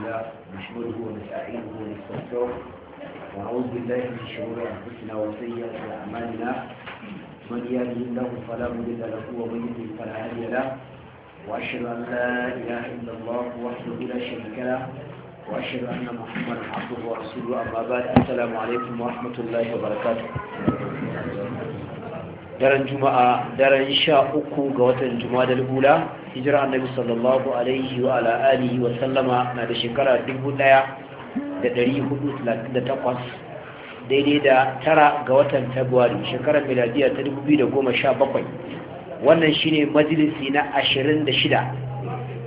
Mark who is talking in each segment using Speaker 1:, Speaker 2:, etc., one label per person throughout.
Speaker 1: الله نحمده ونستعينه ونستغفره ونعوذ بالله من شرور انفسنا وسيئات اعمالنا من يهده الله فلا مضل له ومن يضلل فلا هادي له واشهد ان لا اله الا الله وحده لا شريك له واشهد ان محمدا عبده ورسوله اما بعد السلام عليكم ورحمه الله وبركاته daren juma'a daren sha uku ga watan juma'a da lula hijira annabi sallallahu alaihi wa ala alihi wa sallama na da shekara 1438 daidai da tara ga watan february shekarar miladiya ta 2017 wannan shine majalisi na 26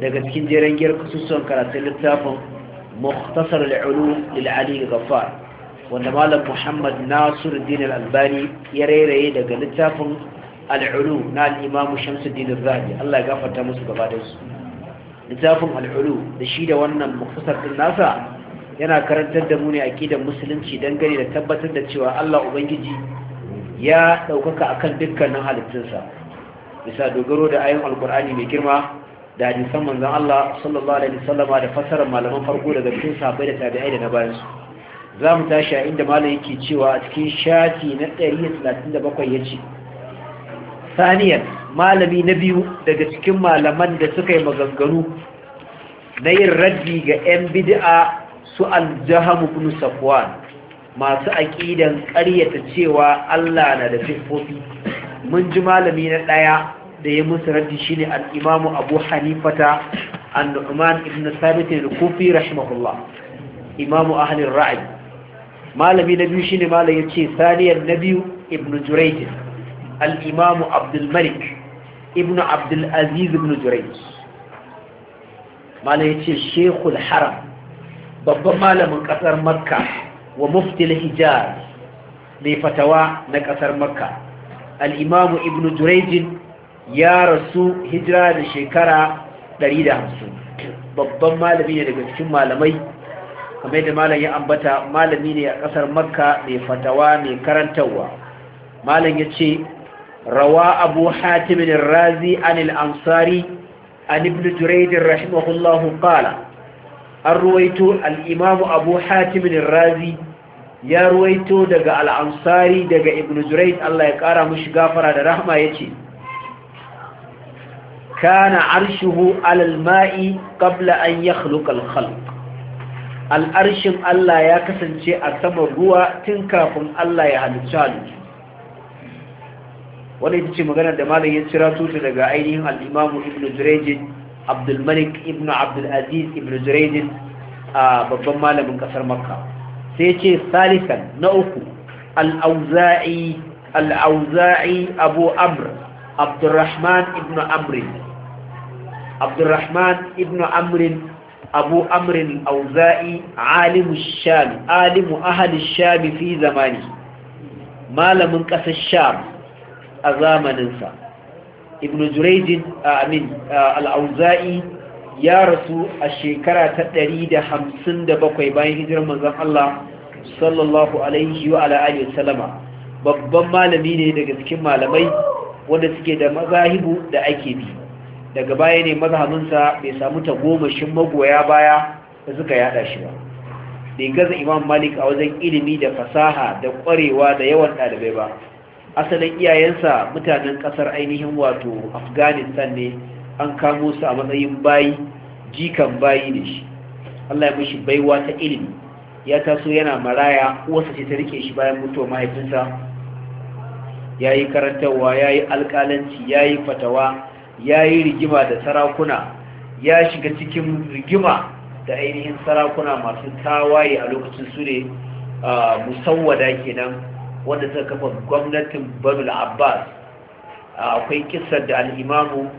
Speaker 1: daga cikin jeren giyar karatun littafin muhtasar al'ulu lil'ali ghaffar wanda malam muhammad nasir din albani ya rairaye daga littafin al'ulu na al'imamu shamsuddin al-rabi Allah ya gafarta musu gaba da su littafin al'ulu da shi da wannan muktasar din nasa yana karantar da mu ne akidan musulunci dangane da tabbatar da cewa Allah ubangiji ya daukaka akan dukkanin halittunsa bisa dogaro da ayin alkur'ani mai girma da hadisan manzon Allah sallallahu alaihi wasallama da fasarar malaman farko daga cikin sahabbai da tabi'ai da na bayansu za mu tashi a inda malam yake cewa a cikin shafi na 137 ya ce saniyar malami na biyu daga cikin malaman da suka yi maganganu na yin raddi ga 'yan bid'a su aljahamu bin safwan masu aƙidan ƙaryata cewa Allah na da fiffofi mun ji malami na ɗaya da ya musu raddi shine al-imamu abu hanifata an umar ibn sabitin rikufi kufi imamu ahalin ra'ayi. malami na biyu shine malam yace saniyar na biyu ibnu jurayj al-imam abdul malik ibnu abdul aziz ibnu jurayj malam yace haram babban malamin kasar makka wa mufti al-hijaz mai fatawa na kasar makka al-imam ibnu jurayj ya rasu hijira da shekara 150 babban malami ne daga cikin malamai kamar yadda malam ya ambata malami ne a kasar makka mai fatawa mai karantarwa malam ya ce rawa abu hatimin razi anil ansari an ibn juraidin rahimahullahu an ruwaito al'imamu abu hatimin razi ya ruwaito daga al'ansari daga ibn juraid Allah ya ƙara mushi gafara da rahama ya ce kana arshihu ma'i ƙabla an ya halukal halk al'arshin Allah ya kasance a saman ruwa tun kafin Allah ya halicci halittu wani ita ce magana da malam ya cira tuta daga ainihin al'imamu ibn jirejin abdulmalik ibn abdulaziz ibn jirejin a babban malamin ƙasar makka sai ce salisan na uku al'auza'i abu amr abdulrahman ibn amrin ibn amrin abu amrin auza'i alimu sham Shami, fi zamani malamin ƙasar sham a zamaninsa ibn jurayj amin al-auza'i ya rasu a shekara ta 157 bayan hijirar manzon Allah sallallahu alaihi wa ala alihi babban malami ne daga cikin malamai wanda suke da mazahibu da ake bi daga baya ne mazhabinsa bai samu tagomashin magoya baya da suka yada shi ba bai gaza imam malik a wajen ilimi da fasaha da kwarewa da yawan ɗalibai ba asalin iyayensa mutanen ƙasar ainihin wato afghanistan ne an kamo su a matsayin bayi jikan bayi ne shi allah ya mishi baiwa ta ilimi ya taso yana maraya wasu ce ta rike shi bayan mutuwa mahaifinsa ya yi karantarwa ya yi alƙalanci ya yi fatawa ya yi rigima da sarakuna ya shiga cikin rigima da ainihin sarakuna masu tawaye a lokacin su ne musawwada kenan wanda suka kafa gwamnatin banul abbas akwai kisar da al'imamu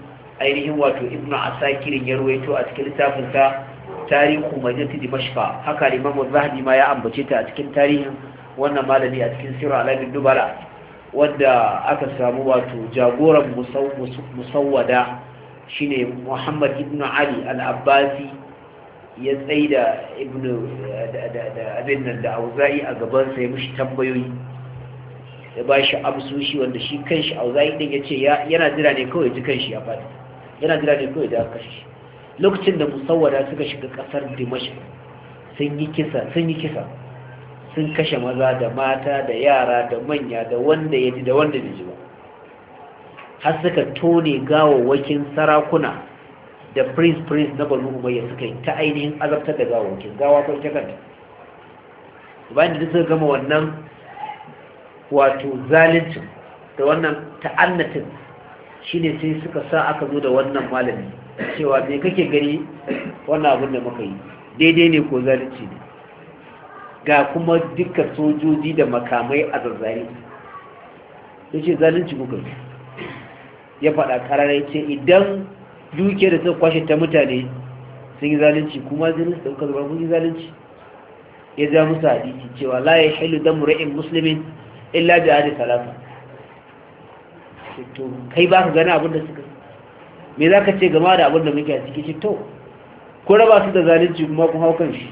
Speaker 1: ainihin wato ibn asakirin ya ruwaito a cikin littafin littafinsa tarihu di mashfa haka limamu zahabi ma ya ambace ta a cikin tarihin wannan malami a cikin sirra alamin dubala wadda aka samu wato jagoran musawwada shine muhammad ibn ali al-abbasi ya tsaida ibn da abin nan da auza'i a gabansa ya mushi tambayoyi ya ba shi amsoshi wanda shi kanshi auza'i din ya ce yana jira ne kawai ji kanshi ya fadi yana jira ne kawai da aka shi lokacin da musawwada suka shiga kasar dimashq sun yi kisa sun yi kisa sun kashe maza da mata da yara da manya da wanda ya ji da wanda ya ji ba har suka tone wakin sarakuna da prince prince na banu umayya suka yi ta ainihin azabtar da wakin gawa kai ta kanta bayan da suka gama wannan wato zalincin da wannan ta'annatin shine sai suka sa aka zo da wannan malami cewa me kake gani wannan abin da muka yi daidai ne ko zalunci ne ga kuma duka sojoji da makamai a zazzari ya ce zalunci kuka ya faɗa ƙararai ce idan duke da suka kwashe ta mutane sun yi zalunci kuma zinin su ɗaukar zuwa yi zalunci ya za musu hadisi cewa la ya shailu don mura'in musulmin illa da hadi salafa to kai ba ka gana abin da suka me za ka ce gama da abin da muke a ciki to ko raba su da zalunci kuma kun hau kan shi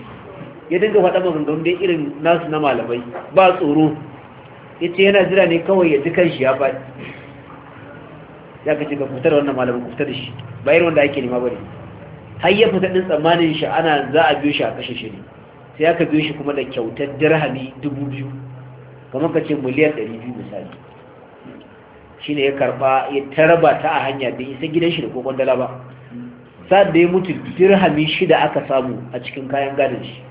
Speaker 1: ya dinga faɗa maganganun dai irin nasu na malamai ba tsoro ya ce yana jira ne kawai ya ji kan shi ya faɗi ya kace ce ka fitar wannan malamin da shi Bayan wanda ake nema bari ne har ya fita ɗin tsammanin shi ana za a biyo shi a kashe shi ne sai aka biyo shi kuma da kyautar dirhami dubu biyu kamar ka ce miliyan ɗari biyu misali shi ne ya karɓa ya taraba ta a hanya da isa gidan shi da ko dala ba sa'ad da ya mutu dirhami shida aka samu a cikin kayan gadon shi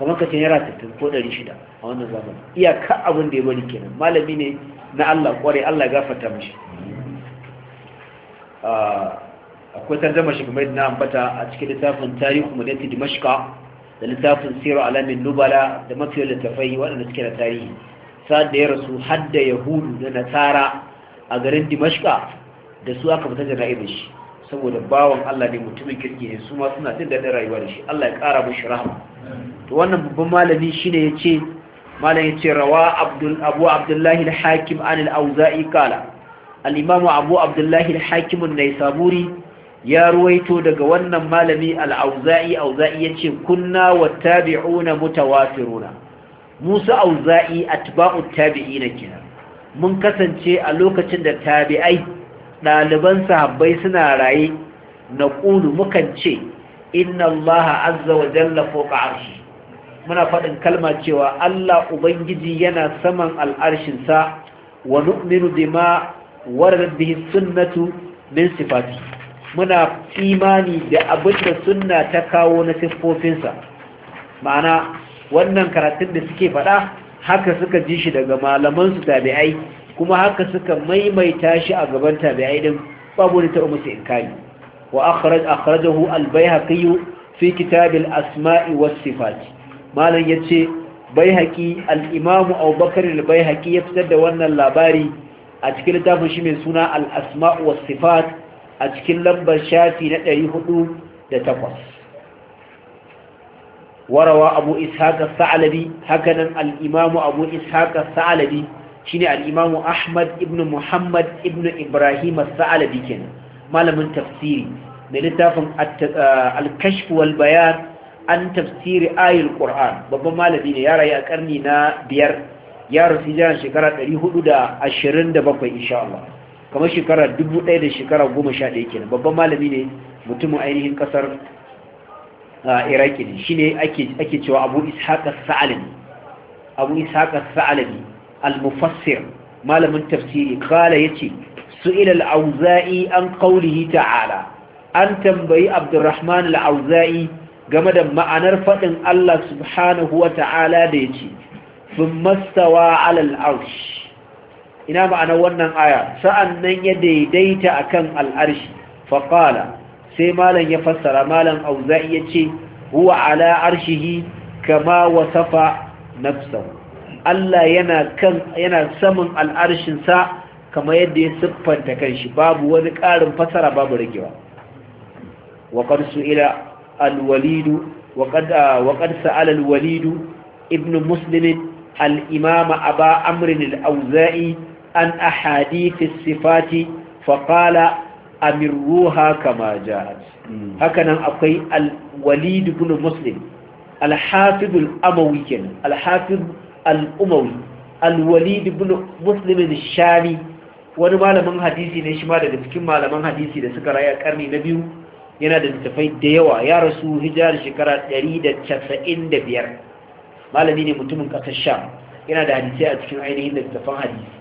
Speaker 1: kamar ka ce naira ko ɗari shida a wannan zamani iyaka abin da ya bari kenan malami ne na Allah kwarai Allah ya gafarta mishi ah, akwai tarjama shi kuma na ambata a cikin littafin tarihu madinti dimashka da littafin siru alamin nubala da mafiyar littafai waɗanda suke da tarihi sa'ad da ya rasu hadda yahudu da nasara a garin dimashka da su aka fita jana'ibin shi saboda bawan Allah ne mutumin kirki ne su ma suna jin daɗin rayuwa da shi Allah ya ƙara mushi rahama to wannan babban malami shine yace malam yace rawa abdul abu abdullahi al-hakim an al-auza'i qala al-imam abu abdullahi al-hakim an-naisaburi ya ruwaito daga wannan malami al-auza'i auza'i yace kunna wa tabi'una mutawafiruna musa auza'i atba'u tabi'ina kenan mun kasance a lokacin da tabi'ai ɗaliban sahabbai suna raye na ƙulu mukan ce inna allaha azza wa jalla foka arshi muna faɗin kalma cewa Allah Ubangiji yana saman al'arshinsa wa nu'minu bima warar bihi sunnatu min sifati muna imani da abinda da sunna ta kawo na siffofinsa ma'ana wannan karatun da suke faɗa haka suka ji shi daga malamansu tabi'ai kuma haka suka maimaita shi a gaban tabi'ai din babu wani taɓa musu inkari wa akhraj al-baihaqi fi kitab al-asma'i was sifat malan yace baihaqi al-imam Abubakar al-baihaqi ya fitar da wannan labari a cikin littafin shi mai suna al-asma'u was sifat a cikin lambar shafi na 408 وروى أبو إسحاق الثعلبي هكذا الإمام أبو إسحاق الثعلبي shine ne imamu ahmad ibn muhammad ibn ibrahim as-sa'labi kenan malamin tafsiri da littafin uh, al-kashf an tafsiri ayil qur'an babban malami ne ya rayu a ƙarni na biyar ya rufi jiran shekara 427 insha Allah kamar shekara 1000 da shekara 11 kenan babban malami ne mutumin ainihin kasar uh, iraki ne shine ake ake cewa abu ishaq as-sa'labi al-mufassir malamin tafsiri kala yace su al-auza'i an qawlihi ta'ala an tambayi abdurrahman al-auza'i game da ma'anar fadin Allah subhanahu wa ta'ala da yace thumma stawa 'ala al-arsh ina ma'anar wannan aya sa'annan ya daidaita akan al-arshi fa qala sai malam ya fassara malam auza'i yace huwa ala arshihi kama wasafa nafsahu Allah yana kan yana saman al'arshinsa sa kamar yadda ya siffanta kanshi babu wani ƙarin fasara babu ragewa wa qad su'ila al-walid wa qad al ibn muslim al-imam aba amr al-awza'i an ahadith as-sifati fa qala kama jihar hmm. hakanan akwai al-walid ibn muslim al-hafiz al al al-umawi al-walid ibn muslim shami wani malamin hadisi ne shi ma daga cikin malaman hadisi da suka raya karni na biyu yana da littafai da yawa ya rasu hijirar shekara 195 malami ne mutumin kasar sham yana da hadisai a cikin ainihin littafan hadisi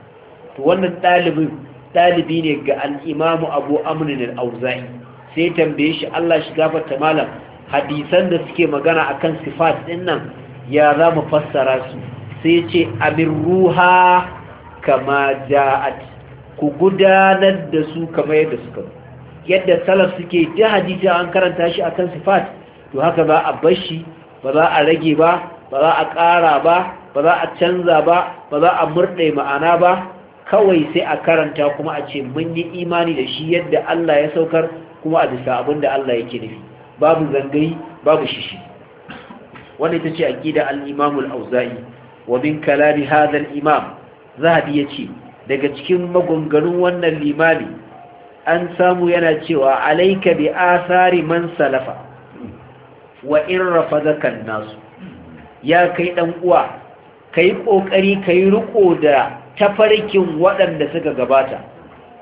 Speaker 1: to wannan ɗalibin ɗalibi ne ga al'imamu abu amurin al'auzai sai tambaye shi Allah shi gafarta malam hadisan da suke magana akan sifat ɗin nan ya za mu fassara su sai ce abin ruha kama ja'at ku gudanar da su kama yadda suka yadda salaf suke ta hadita an karanta shi akan sifat to haka za a bar shi ba za a rage ba ba za a ƙara ba ba za a canza ba ba za a murɗe ma'ana ba kawai sai a karanta kuma a ce mun yi imani da shi yadda Allah ya saukar kuma a bisa abin da Allah yake nufi babu zangayi babu shishi wanda ita ce aqida al-Imam al-Auza'i wa min kalami hadha imam zahabi yace daga cikin magunganun wannan limami an samu yana cewa alaika bi asari man salafa wa in rafadaka an ya kai ɗan uwa kai kokari kai riƙo da tafarkin waɗanda suka gabata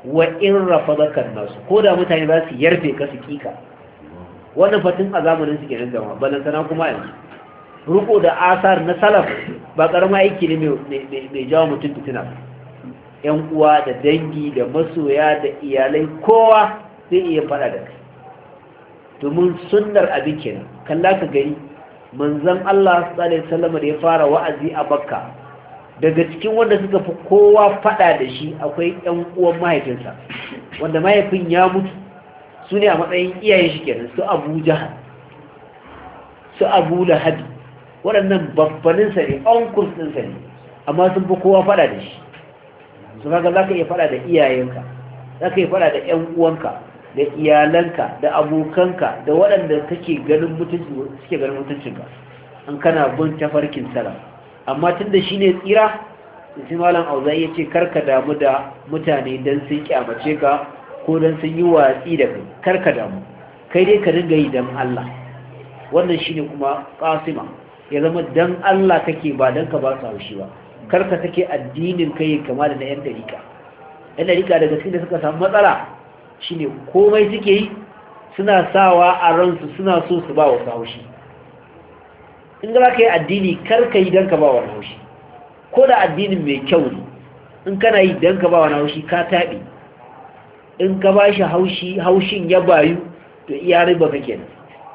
Speaker 1: wa in rafadaka an ko da mutane za su yarfe ka su kika wannan fatin a zamanin su kenan jama'a balantana kuma yanzu ruko da asar na salaf ba karama aiki ne mai jawo mutum fitina yan uwa da dangi da masoya da iyalai kowa zai iya fada da kai domin sunnar abin kenan kalla ka gani manzon Allah sallallahu salama da ya fara wa'azi a Bakka daga cikin wanda suka fi kowa fada da shi akwai yan uwan mahaifinsa wanda mahaifin ya mutu su ne a matsayin iyayen shi kenan su Abu jihar su Abu Lahabi waɗannan babbanin sa ne uncles sa ne amma sun fi kowa faɗa da shi su kaga ka iya faɗa da iyayenka za ka iya faɗa da ƴan uwanka da iyalanka da abokanka da waɗanda kake ganin mutunci suke ganin mutuncinka an kana bin tafarkin sala amma tun da shi ne tsira sai malam auza ya ce karka damu da mutane don sun kyamace ka ko don sun yi watsi da kai karka damu kai dai ka dinga yi don Allah wannan shine kuma kasima ya zama dan Allah kake ba dan ka ba su haushi ba karka take addinin kai kama da na yan dariƙa yan dariƙa daga cikin da suka samu matsala shine komai suke yi suna sawa a ransu suna so su ba wa haushi in za ka yi addini karka yi dan ka ba wa haushi ko da addinin mai kyau ne in kana yi dan ka ba wa haushi ka taɓi. in ka ba shi haushin ya bayu to iya riba ka kenan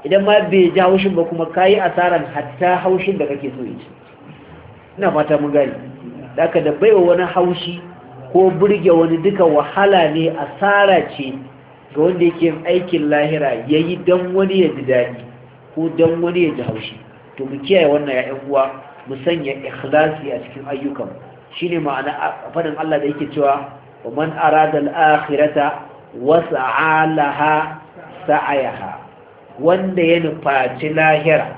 Speaker 1: idan ma bai ja haushin ba kuma kayi asaran hatta haushin da kake so yace ina fata mun gani da ka da baiwa wani haushi ko burge wani duka wahala ne asara ce ga wanda yake aikin lahira yayi dan wani ya ji dadi ko dan wani ya ji haushi to mu kiyaye wannan ya'yan uwa mu sanya ikhlasi a cikin ayyukan shine ma'ana fadin Allah da yake cewa wa man arada al-akhirata was'a sa'ayaha wanda ya nufaci lahira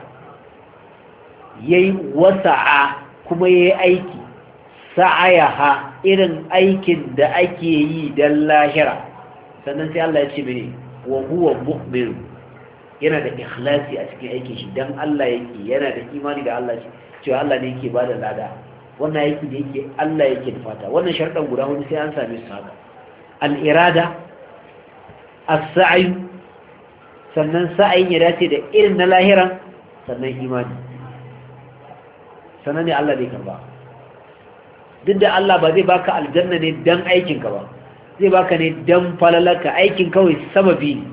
Speaker 1: ya yi wasa'a kuma ya yi aiki sa'ayaha irin aikin da ake yi don lahira sannan sai Allah ya ce mai wa huwa mu'min yana da ikhlasi a cikin aikin shi don Allah yake yana da imani da Allah ce. cewa Allah ne yake bada lada wannan aiki da yake Allah yake da fata wannan sharɗan guda wani sai an same su haka al-irada as-sa'i sannan sa'ayin ya dace da irin na lahiran sannan imani sannan ne Allah ne karba duk da Allah ba zai baka aljanna ne dan aikinka ba zai baka ne dan falalaka aikin kawai sababi ne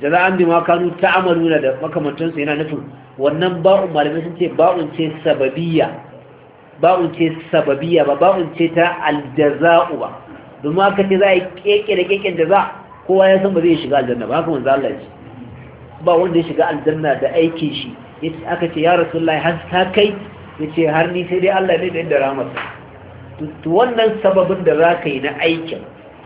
Speaker 1: jaza'an bima kanu ta'amaluna da makamantansu yana nufin wannan ba'un malamai sun ce ba'un ce sababiya. ba'un ce sababiya ba ba'un ce ta aljaza'u ba domin aka ce za a yi keke da keken jaza kowa ya san ba zai shiga aljanna ba haka manzo Allah ya ce ba wanda ya shiga aljanna da aikin shi yace aka ce ya rasulullahi har ta kai yace har ni sai dai Allah ne da yadda rahmatsa to wannan sababin da zaka yi na aikin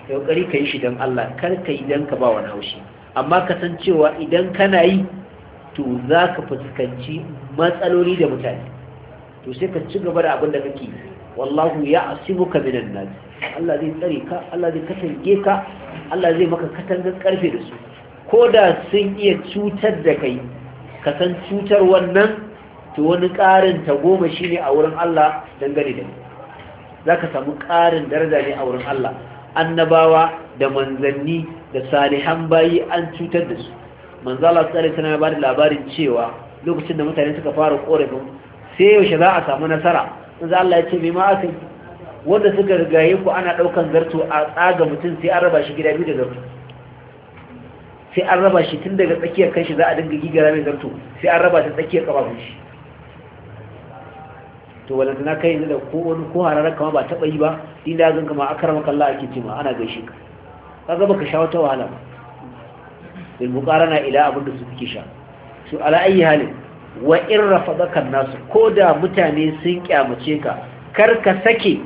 Speaker 1: kai kokari kai shi dan Allah kar kai dan ka ba wani haushi amma kasancewa idan kana yi to zaka fuskanci matsaloli da mutane to sai ka ci gaba da abin da kake wallahu ya'sibuka minan nas Allah zai tsare ka Allah zai kasance ka Allah zai maka katangar karfe da su ko da sun iya cutar da kai ka san cutar wannan to wani ƙarin ta goma shi ne a wurin Allah dangane da ni za ka samu ƙarin daraja ne a wurin Allah annabawa da manzanni da salihan bayi an cutar da su manzala tsare tana ba da labarin cewa lokacin da mutane suka fara korafin sai yaushe za a samu nasara manzo Allah ya ce me ma aka yi wanda suka rigaye ku ana ɗaukan zarto a tsaga mutum sai an raba shi gida biyu da zarto sai an raba shi tun daga tsakiyar kanshi za a dinga gigara mai zarto sai an raba ta tsakiyar kafafun shi to na kai ne da ko wani ko hararar kama ba taba yi ba din da zan kama akar makalla ake cewa ana gaishe ka kaga baka sha wata wahala ba bil muqarana ila abinda da su kike sha to ala ayi halin wa in rafadaka nasu ko da mutane sun kyamace ka kar ka sake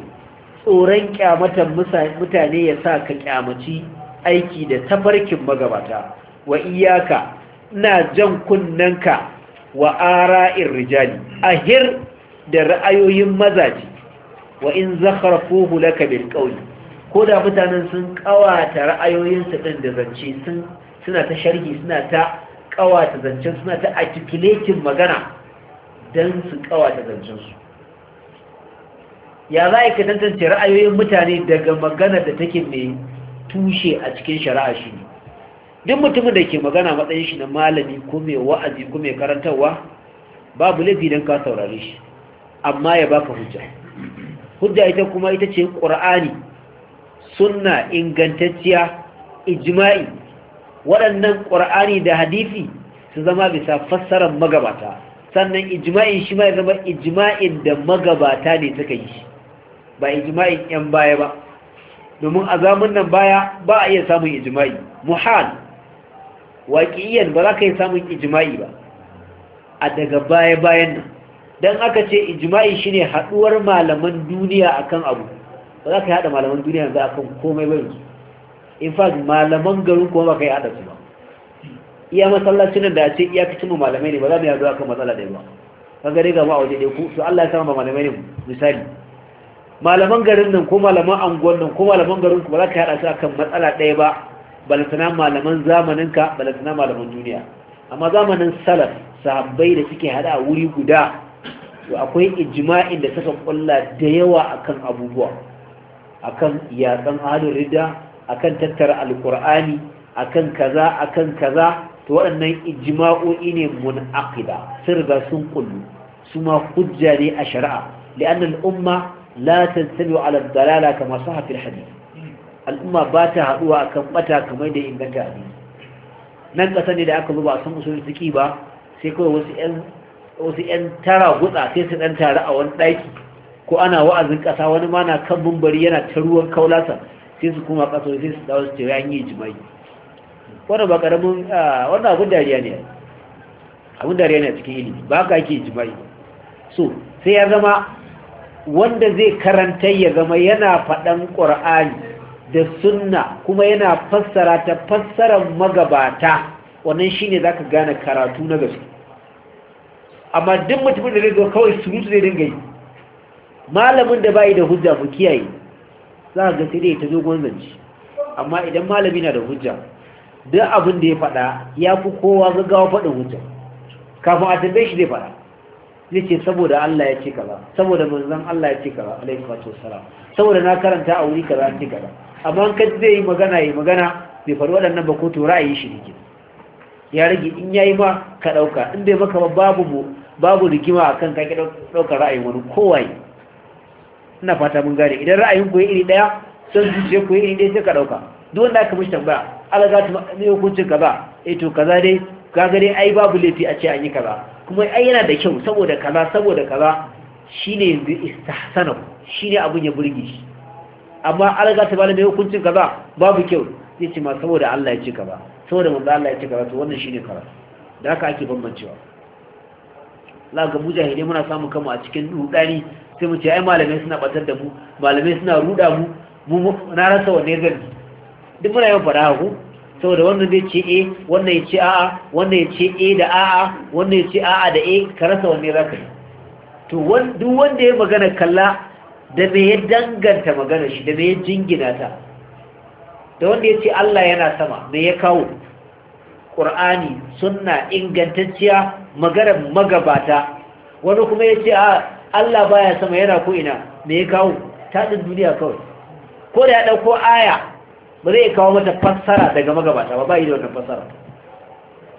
Speaker 1: tsoron kyamatan mutane ya sa ka kyamaci aiki da tafarkin magabata wa iyaka na jan kunnanka wa ara'in rijali ahir da ra'ayoyin mazaji wa in zakharafuhu laka bil qawli ko da mutanen sun kawata ra'ayoyinsu din da zance suna ta sharhi suna ta kawata zancen suna ta articulating magana don su kawata zancen su ya za a tantance ra'ayoyin mutane daga magana da take mai tushe a cikin shari'a shi ne duk mutumin da ke magana matsayin shi na malami ko mai wa'azi ko mai karantarwa babu laifi don ka saurare shi amma ya baka hujja hujja ita kuma ita ce ƙur'ani sunna ingantacciya ijma'i waɗannan ƙur'ani da hadisi su zama bisa fassarar magabata sannan ijma'in shi ma ya zama ijma'in da magabata ne suka yi shi ba ijma'in yan baya ba domin a zamun nan baya ba a iya samun ijma'i muhal waƙiyan ba za ka yi samun ijma'i ba a daga baya-bayan nan don aka ce ijma'i shine haɗuwar malaman duniya akan abu ba za ka yi haɗa malaman duniya yanzu akan komai ba yanzu in fact malaman garin kuma ba ka yi haɗa su ba iya masallacin da a ce iya fi mu malamai ne ba za mu yaɗu akan matsala da ba kaga dai mu a waje ɗaya ku to Allah ya sama ba malamai ne misali malaman garin nan ko malaman anguwan nan ko malaman garin ku ba za ka hada su akan matsala ɗaya ba balantana malaman zamanin ka balantana malaman duniya amma zamanin salaf sahabbai da suke haɗa a wuri guda to akwai ijma'in da suka kulla da yawa akan abubuwa akan yatsan ahlul rida akan tattara alqur'ani akan kaza akan kaza to waɗannan ijma'o'i ne munaqida sun sun kullu su ma hujja ne a shari'a li'anna al la tantabi ala dalala kama sahha fil hadith al'umma ba ta haduwa akan bata kamar da inganta hadisi nan kasa ne da aka zuba a san usulul fiqi ba sai kawai wasu yan wasu yan tara gutsa sai su dan tare a wani daki ko ana wa'azin kasa wani ma na kan bumbari yana ta ruwan kaulasa sai su kuma kasa sai su dawo su ce an yi jima'i wannan ba karamin wannan abun dariya ne abun dariya ne cikin ilimi ba ka yake jima'i so sai ya zama wanda zai karanta ya zama yana faɗan ƙura'ani da sunna kuma yana fassara ta fassarar magabata wannan shine ka gane karatu na gaske amma duk mutumin da zai zo kawai surutu zai dinga yi malamin da bai da hujja mu kiyaye za ga sai dai ta zo gwanzanci amma idan malami na da hujja duk abin da ya faɗa ya fi kowa gaggawa faɗin hujja kafin a tambaye shi zai faɗa yake saboda Allah ya ce kaza saboda manzon Allah ya ce kaza alaihi salatu wassalam saboda na karanta a wuri kaza an ce kaza amma kan zai yi magana yi magana bai faru waɗannan ba ko to ra'ayi shi ne ya rage in yayi ma ka dauka in bai maka ba babu babu rigima akan ka ki dauka ra'ayin wani kowai ina fata mun gane idan ra'ayin ku iri daya san zuciya ku iri daya sai ka dauka duk wanda aka mishi tambaya za ta yi hukuncin kaza eh to kaza dai kaga dai ai babu laifi a ce an yi kaza kuma ai yana da kyau saboda kaza saboda kaza shine yanzu istahsana shine abun ya burge shi amma alga ta mai hukuncin kaza babu kyau zai ce ma saboda Allah ya ci kaza saboda manzo Allah ya ci kaza to wannan shine kaza da haka ake bambancewa la ga mujahide muna samu kanmu a cikin rudani sai mu ce ai malamai suna batar da mu malamai suna ruda mu mu na rasa wanne zan duk muna yawan fara haku saboda wanda zai ce a eh, wanda ya ce a'a wanda ya ce a da a'a wanda ya ce a'a da a ka rasa wanne za ka yi to duk wanda ya magana kalla da me ya danganta magana shi da me ya jingina ta da wanda ya ce Allah yana sama me ya kawo ƙur'ani sunna ingantacciya magana magabata wani kuma ya ce a Allah baya sama yana ko ina me ya kawo ta duniya kawai ko da ya ɗauko aya ba zai kawo mata fassara daga magabata ba ba yi da wannan fassara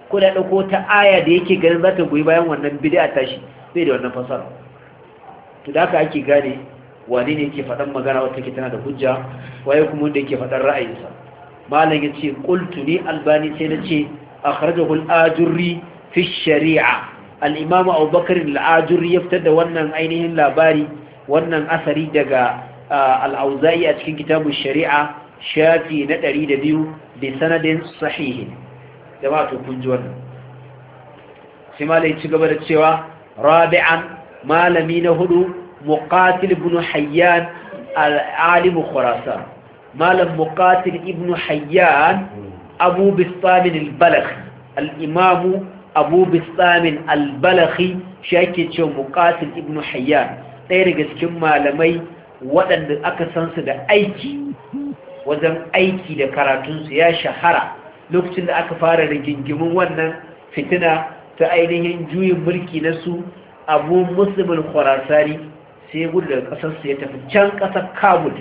Speaker 1: ko da ɗauko ta aya da yake ganin za ta goyi bayan wannan bid'a tashi bai da wannan fassara to da haka ake gane wani ne yake faɗan magana wata ke tana da hujja waye kuma wanda yake faɗan ra'ayinsa malam yace qultu ni albani sai na ce akhrajahu al-ajurri fi shari'a al-imam abubakar al-ajurri ya fitar da wannan ainihin labari wannan asari daga ah, al-auza'i a cikin kitabun shari'a shafi na 102 da sanadin da jama'a to kun ji wannan sai malai ci gaba da cewa rabi'an malami na hudu muqatil ibn hayyan al-alim khurasan malam muqatil ibn hayyan abu bistamin al-balakh al-imam abu bistamin al-balakh shi ake cewa muqatil ibn hayyan ɗaya daga cikin malamai waɗanda aka san su da aiki wajen aiki da karatunsu ya shahara lokacin da aka fara rigingimin wannan fitina ta ainihin juyin mulki na su abu musulmin kwarasari sai gudu daga ƙasarsu ya tafi can ƙasar kabul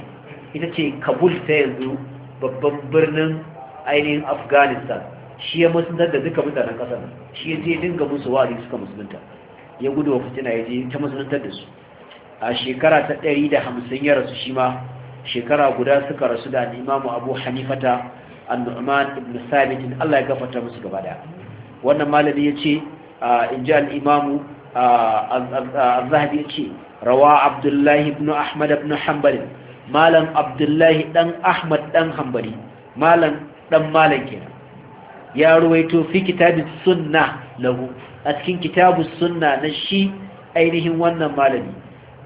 Speaker 1: ita ce kabul ta yanzu babban birnin ainihin afghanistan shi ya musulunta da duka mutanen ƙasar shi ya je dinga musu wa'azi suka musulunta ya gudu wa fitina ya je ta musuluntar da su a shekara ta ɗari da hamsin ya rasu shi ma shekara guda suka rasu da imamu abu hanifata annu'man ibn sabit Allah ya gafarta musu gaba da wannan malami yace in ji al-imamu az-zahabi yace rawa abdullahi ibn ahmad ibn hanbal malam abdullahi dan ahmad dan hanbali malam dan malam kenan ya ruwaito fi kitabis sunna lahu a cikin kitabus sunna na shi ainihin wannan malami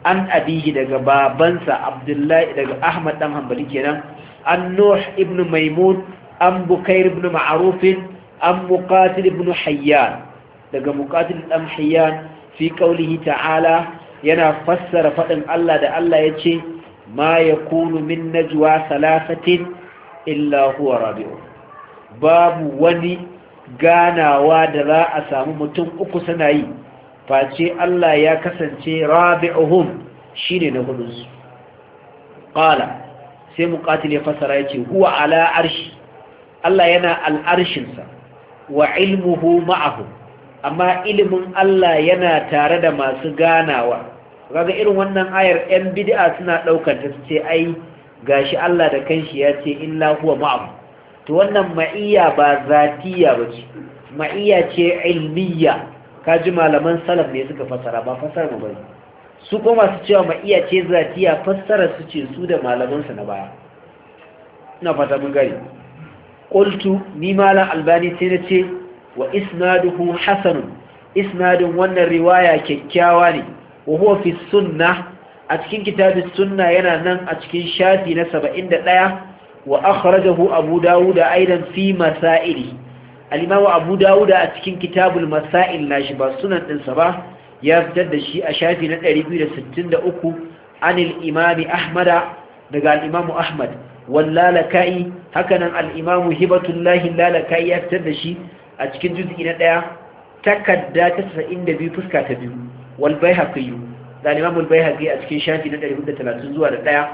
Speaker 1: an abihi daga babansa abdullahi daga ahmad dan hanbali kenan an nuh ibn maimun an bukair ibn ma'ruf an muqatil ibn hayyan daga muqatil dan hayyan fi qawlihi ta'ala yana fassara fadin Allah da Allah yace ma yakunu min najwa salasatin illa huwa rabi'u babu wani ganawa da za a samu mutum uku suna yi face Allah ya kasance rabi'uhum shine na hudu su qala sai muqatil ya fasara yace huwa ala arshi Allah yana al'arshinsa wa ilmuhu ma'ahu amma ilimin Allah yana tare da masu ganawa kaga irin wannan ayar 'yan bid'a suna daukar ta ce ai gashi Allah da kanshi ya ce illa huwa ma'ahu to wannan ma'iyya ba zatiya bace ma'iyya ce ilmiya ka ji malaman salaf ne suka fasara ba fasara mu bane su ko masu cewa ma iya ce zatiya fassara su ce su da malaman su na baya ina fata mun gari qultu ni malam albani sai na ce wa isnaduhu hasan isnadin wannan riwaya kyakkyawa ne wa huwa fi sunnah a cikin kitabin sunna yana nan a cikin shafi na 71 wa akhrajahu abu dawud aidan fi masailihi al abu dawuda a cikin kitabul masail nashi ba sunan ɗinsa ba ya fitar da shi a shafi na 263 anil imami ahmada daga al Ahmad, ahmad wallalaka'i hakanan al hibatullahi lalaka'i ya fitar da shi a cikin juz'i na ɗaya takarda ta da biyu, fuska ta biyu wal bayhaqi da al-imamu al-bayhaqi a cikin shafi na 130 zuwa da ɗaya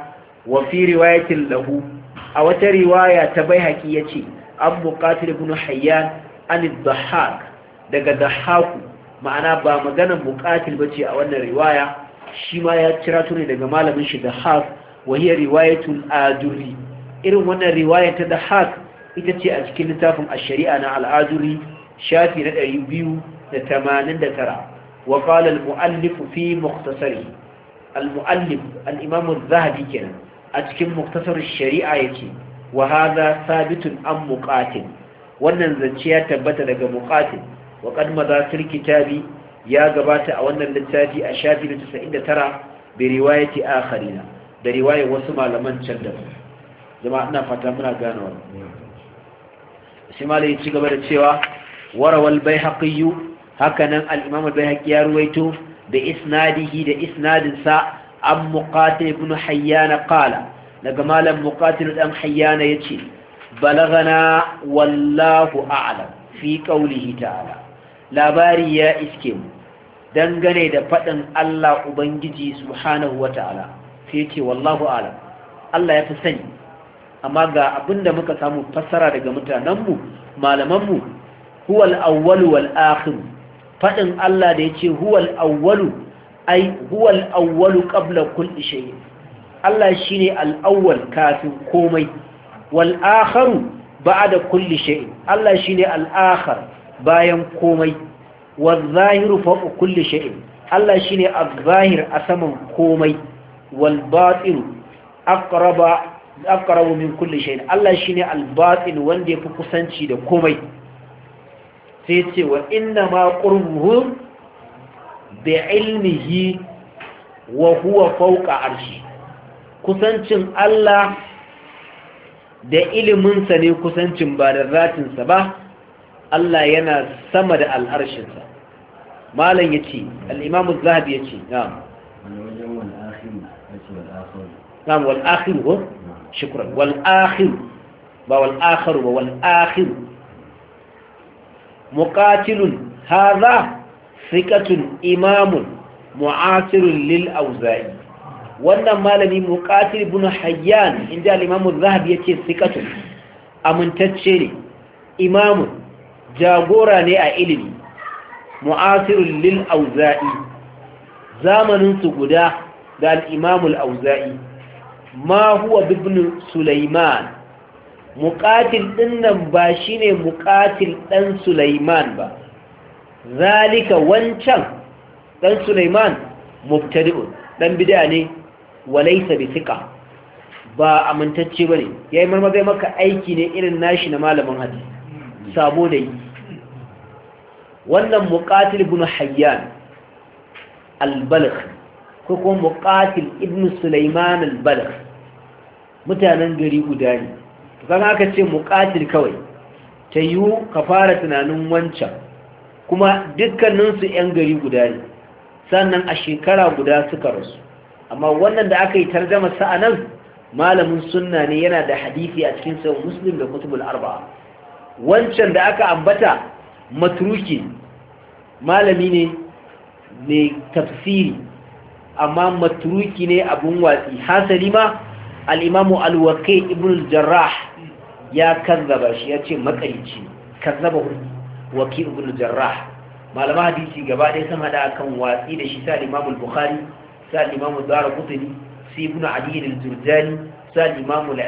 Speaker 1: wa fi riwayatin lahu a wata riwaya ta bai bayhaqi yace an buƙatar ibn hayyan an dhahak daga dhahaku ma'ana ba maganan buƙatar bace a wannan riwaya shi ma ya cira tuni daga malamin shi dhahak wa hiya riwayatul ajuri irin wannan riwaya ta dhahak ita ce a cikin littafin ash-shari'a na al-ajuri shafi na 289 وقال al في مختصره المؤلف kenan, a cikin أتكم مختصر shari'a يكي wa hadha thabitun an muqatil wannan zance ya tabbata daga muqatil wa qad madha kitabi ya gabata a wannan littafi a shafi na 99 bi riwayati akharina da riwayar wasu malaman can da jama'a ina fata muna gane wannan sai malai ci gaba da cewa warawal bayhaqi hakanan al-imam al-bayhaqi ya ruwaito da isnadihi da isnadin sa an muqatil ibn hayyan qala daga malam muqatil dan hayyana yace balagana wallahu a'lam fi qawlihi ta'ala labari ya iske mu dangane da fadin Allah ubangiji subhanahu wata'ala sai yace wallahu a'lam Allah ya fi sani amma ga abinda muka samu fassara daga mutanenmu malamanmu huwal awwalu wal akhir fadin Allah da yace huwal awwalu ai huwal awwalu qabla kulli shay'in Allah shine ne al'awwal kafin komai wal akharu da kulli shay Allah shine ne akhar bayan komai wal zahiru fawqa kulli Allah shine al-zahir a saman komai wal batin aqraba min kulli Allah shine ne batin wanda yafi kusanci da komai sai ce wa inna ma qurbuhu bi ilmihi wa huwa fauƙa arshi kusancin Allah da iliminsa ne kusancin ba da ratinsa ba Allah yana sama da al'arshinsa malam ya ce al'imamu Zahab ya ce na'am wal'akhiru ba, shukran wal'akhiru ba wal'akharu ba wal'akhiru muƙatilun haza sikatun imamun mu'asirun lil auza'i wannan malami muqatil ibn hayyan inda al Zahab az-zahabi sikatu amintacce ne imamu jagora ne a ilimi mu'asirul lil auza'i zamanin su guda da al-imam al-auza'i ma huwa ibn sulaiman muqatil dinnan ba shine muqatil dan sulaiman ba zalika wancan dan sulaiman mubtadi'un dan bid'a ne walaisa bi thiqa ba amintacce bane yayi marmazai maka aiki ne irin nashi na malamin hadisi sabo dai. wannan muqatil ibn hayyan al balagh ko kuma muqatil ibn sulaiman al balagh mutanen gari guda ne to kaga aka ce muqatil kawai ta yiwu ka fara tunanin wancan kuma dukkaninsu 'yan gari guda ne sannan a shekara guda suka rasu amma wannan da aka yi tarjama sa anan malamin sunna ne yana da hadisi a cikin sahih muslim da kutubul arba'a wancan da aka ambata matruki malami ne mai tafsiri amma matruki ne abun watsi hasali ma al-imamu al-waqi ibn al-jarrah ya kazzaba shi ya ce makarici kazzaba waqi ibn al-jarrah malama hadisi gaba ɗaya sun hada akan watsi da shi sa al-imamu al-bukhari sa al-imam zara kutuni sai ibn ali al-jurjani sa al-imam al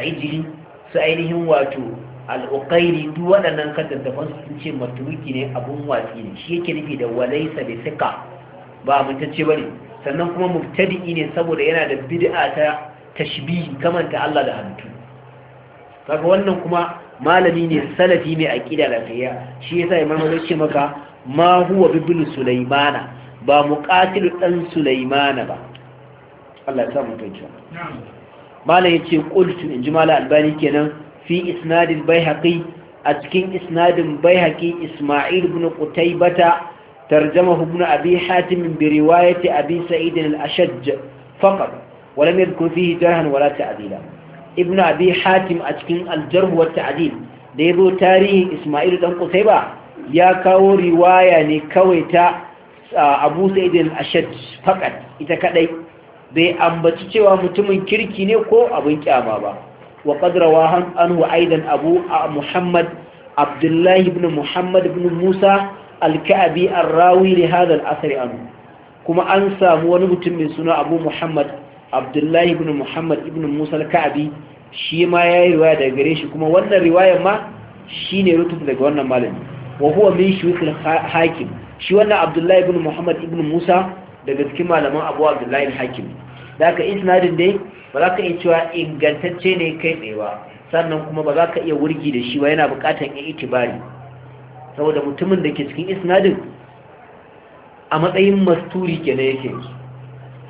Speaker 1: su ainihin wato al-uqayli duk waɗannan kaddafan su sun ce matuwiki ne abun watsi ne shi yake nufi da walaysa bi thiqa ba mutacce bane sannan kuma mubtadi'i ne saboda yana da bid'a ta tashbihi ta Allah da hantu. kaga wannan kuma malami ne salafi mai aqida lafiya shi yasa imamu zai ce maka ma huwa bibul sulaimana ba muqatil dan sulaimana ba Allah ya sa mu tunta mala yace qultu in ji mala albani kenan fi isnadil baihaqi a cikin isnadin baihaqi isma'il ibn qutaybata tarjamahu ibn Abin hatim bi riwayati Abin sa'id al-ashaj faqat wa lam yadhkur fihi jarhan wala ta'dila ibn abi hatim a cikin al-jarh wa ta'dil da yabo tarihin isma'il dan qutayba ya kawo riwaya ne kawai ta abu sa'id al-ashaj faqat ita kadai bai ambaci cewa mutumin kirki ne ko abin kyama ba wa han anhu aidan abu a muhammad abdullahi ibn muhammad ibn musa al arrawi li hada al anhu kuma an samu wani mutum mai suna abu muhammad abdullahi ibn muhammad ibn musa al shi ma ya yi riwaya daga gare shi kuma wannan riwayar ma shine rutufu daga wannan malami wa huwa min shi al-hakim shi wannan abdullahi ibn muhammad ibn musa daga cikin malaman abu layin hakim da yi isnadin dai ba za ka iya cewa ingantacce ne kai tsewa ba sannan kuma ba za ka iya wurgi da shi ba yana buƙatar yin itibari saboda mutumin da ke cikin isnadin a matsayin masturi ke na yake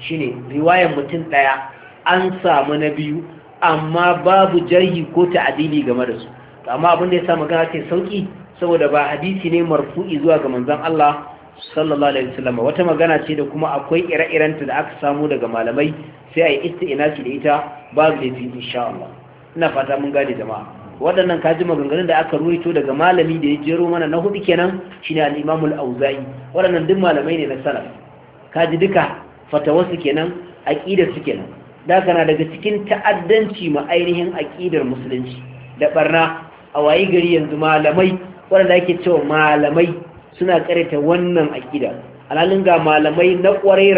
Speaker 1: shine riwayan mutum ɗaya an samu na biyu amma babu jarhi ko ta'adili game da su amma abin da ya sa magana ce sauki saboda ba hadisi ne marfu'i zuwa ga manzon Allah sallallahu alaihi wasallam wata magana ce da kuma akwai ire iren ta da aka samu daga malamai sai a yi da ita babu fi insha Allah ina fata mun gane jama'a waɗannan kaji maganganun da aka ruwaito daga malami da ya jero mana na hudu kenan shine al-Imam al-Auza'i waɗannan duk malamai ne na salaf kaji duka su kenan aqidar su kenan da kana daga cikin ta'addanci ma ainihin aqidar musulunci da barna a wayi gari yanzu malamai waɗanda ake cewa malamai suna karanta wannan A alalin ga malamai na kwarai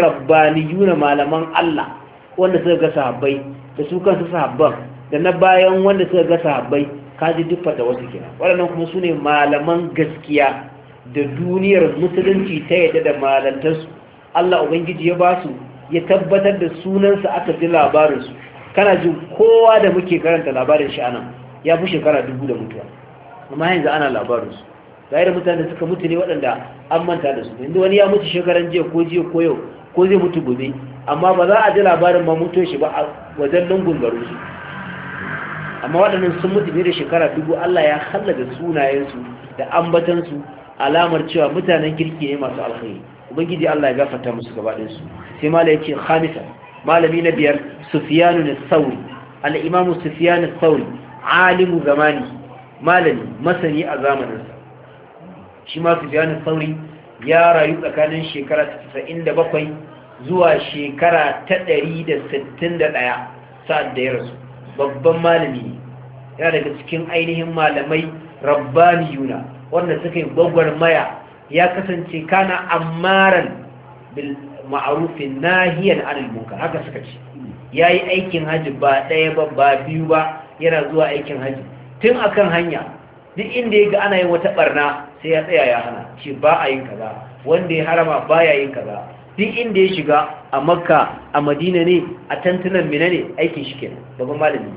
Speaker 1: yuna malaman Allah wanda suka ga sahabbai da su kansu sahabban da na bayan wanda suka ga sahabbai kaji duk fata wasu kira waɗannan kuma su ne malaman gaskiya da duniyar musulunci ta yadda da malantarsu Allah Ubangiji ya ba su ya tabbatar da sunansa aka ji labarinsu kana jin kowa da muke karanta labarin shi anan ya fi shekara dubu da mutuwa amma yanzu ana labarinsu ga da mutane suka mutu ne waɗanda an manta da su inda wani ya mutu shekaran jiya ko jiya ko yau ko zai mutu gobe amma ba za a ji labarin ma mutu shi ba a wajen lungun garu su amma waɗannan sun mutu ne da shekara dubu Allah ya hallaka sunayensu da ambatansu alamar cewa mutanen kirki ne masu alkhairi ubangiji Allah ya gafarta musu gaba ɗin su sai mala ce khamisa malami na biyar sufyanu as-sauri al-imamu sufyanu sauri alimu zamani malami masani a zamaninsa shi ma sufyan sauri ya rayu tsakanin shekara ta 97 zuwa shekara ta 161 sa'ad da ya rasu babban malami yana daga cikin ainihin malamai Yuna, wanda suka yi maya ya kasance kana ammaran ma'arufin nahiyar anil haka suka ce Ya yi aikin hajji ba ɗaya ba biyu ba yana zuwa aikin hajji, tun akan hanya duk inda ya ga ana yin wata barna sai ya tsaya ya hana ce ba a yin kaza wanda ya harama ba ya yin kaza duk inda ya shiga a makka a madina ne a tantunan mina ne aikin shi ke babban malami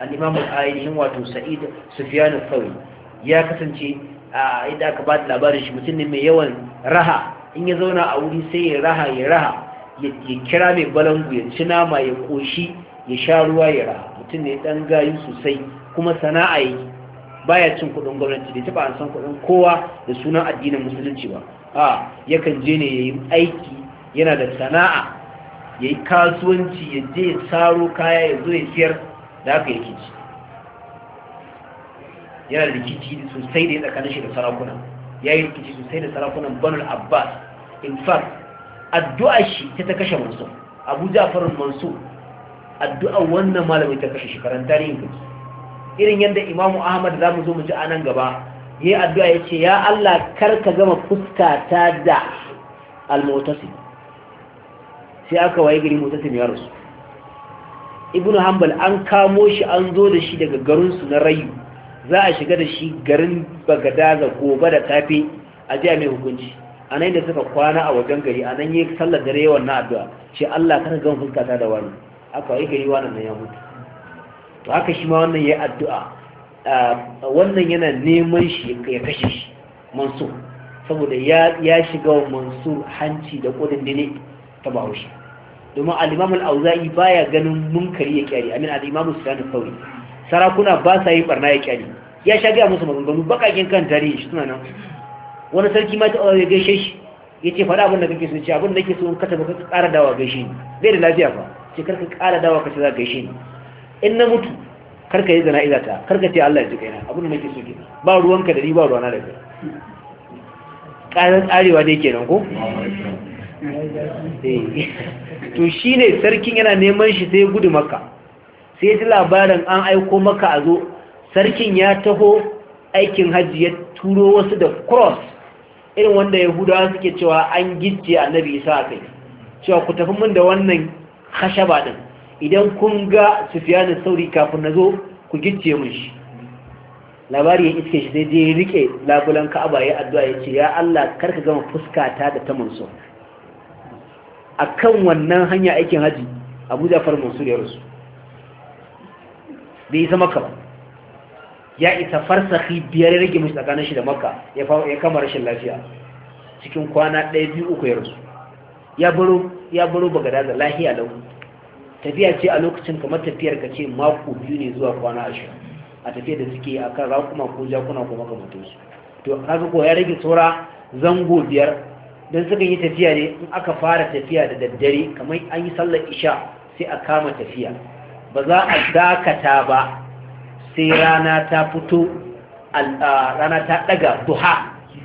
Speaker 1: al-imamu ainihin wato sa'id Sufiyanu al ya kasance a yadda aka ba da labarin shi mutum ne mai yawan raha in ya zauna a wuri sai ya raha ya raha ya kira mai balangu ya ci nama ya koshi ya sha ruwa ya raha mutum ne dan gayu sosai kuma sana'a yake baya cin kudin gwamnati da taba an san kudin kowa da sunan addinin musulunci ba a yakan je ne yayi aiki yana da sana'a yayi kasuwanci ya je ya saro kaya ya zo ya siyar da haka yake ci yana da rikici sosai da ya tsakanin shi da sarakuna ya yi rikici sosai da sarakunan banul abbas in fact addu'a shi ta ta kashe mansur abu ja'far mansur addu'a wannan malamin ta kashe shi karanta ne irin yadda imamu ahmad za mu zo mu ji a nan gaba ya yi addu'a ya ce ya Allah kar ka gama fuska ta da al sai aka waye gari mutasim ya rasu Ibn hanbal an kamo shi an zo da shi daga garinsu na rayu za a shiga da shi garin bagadaza gobe da tafe a jiya mai hukunci a nan da suka kwana a wajen gari a nan yi sallar dare yawan na addu'a ce Allah kar ka gama fuska ta da wani aka waye gari nan ya mutu to haka shi ma wannan ya yi addu'a wannan yana neman shi ya kashe shi mansur saboda ya shiga wa mansur hanci da kudin dine ta bahaushe domin al'imamul auza'i ya ganin munkari ya kyari amin al'imamul sulanin sauri sarakuna ba sa yi barna ya kyari ya sha gaya musu maganganu bakakin kan tarihi shi suna nan wani sarki ma ta ya gaishe shi ya ce faɗa abin da kake so ce abin da kake so in ka tafi ka ƙara dawa gaishe ni bai da lafiya ba ce kar ka ƙara dawa ka ce za gaishe ni in na mutu karka yi zana'iza ta karka ce Allah ya ji kaina abin da nake so kenan ba ruwanka da ni ba ruwana da kai ƙarar arewa yake nan ko eh. to shine sarkin yana neman shi sai gudu maka sai ji labarin an aiko maka a zo sarkin ya taho aikin hajji ya turo wasu da cross irin wanda yahudawa suke cewa an gicce annabi isa a kai cewa ku tafi min da wannan khashaba din idan kun ga sufiyanin sauri kafin na zo ku gicce mun shi labari ya iske shi sai je rike labulan ka'aba ya addu'a ya ce ya Allah karka gama fuskata da ta A akan wannan hanya aikin haji Abu Ja'far Mansur ya rasu bai isa maka ba ya isa farsahi biyar ya rage mashi tsakanin shi da maka ya kama rashin lafiya cikin kwana ɗaya biyu uku ya rasu ya baro bagada da lahiya lau tafiya ce a lokacin kamar tafiyar ka ce mako biyu ne zuwa kwana ashirin a tafiya da suke a kan rakuma ko jakuna ko makamantansu to haka ko ya rage saura zango biyar don suka yi tafiya ne in aka fara tafiya da daddare kamar an yi sallar isha sai a kama tafiya ba za a dakata ba sai rana ta fito rana ta daga duha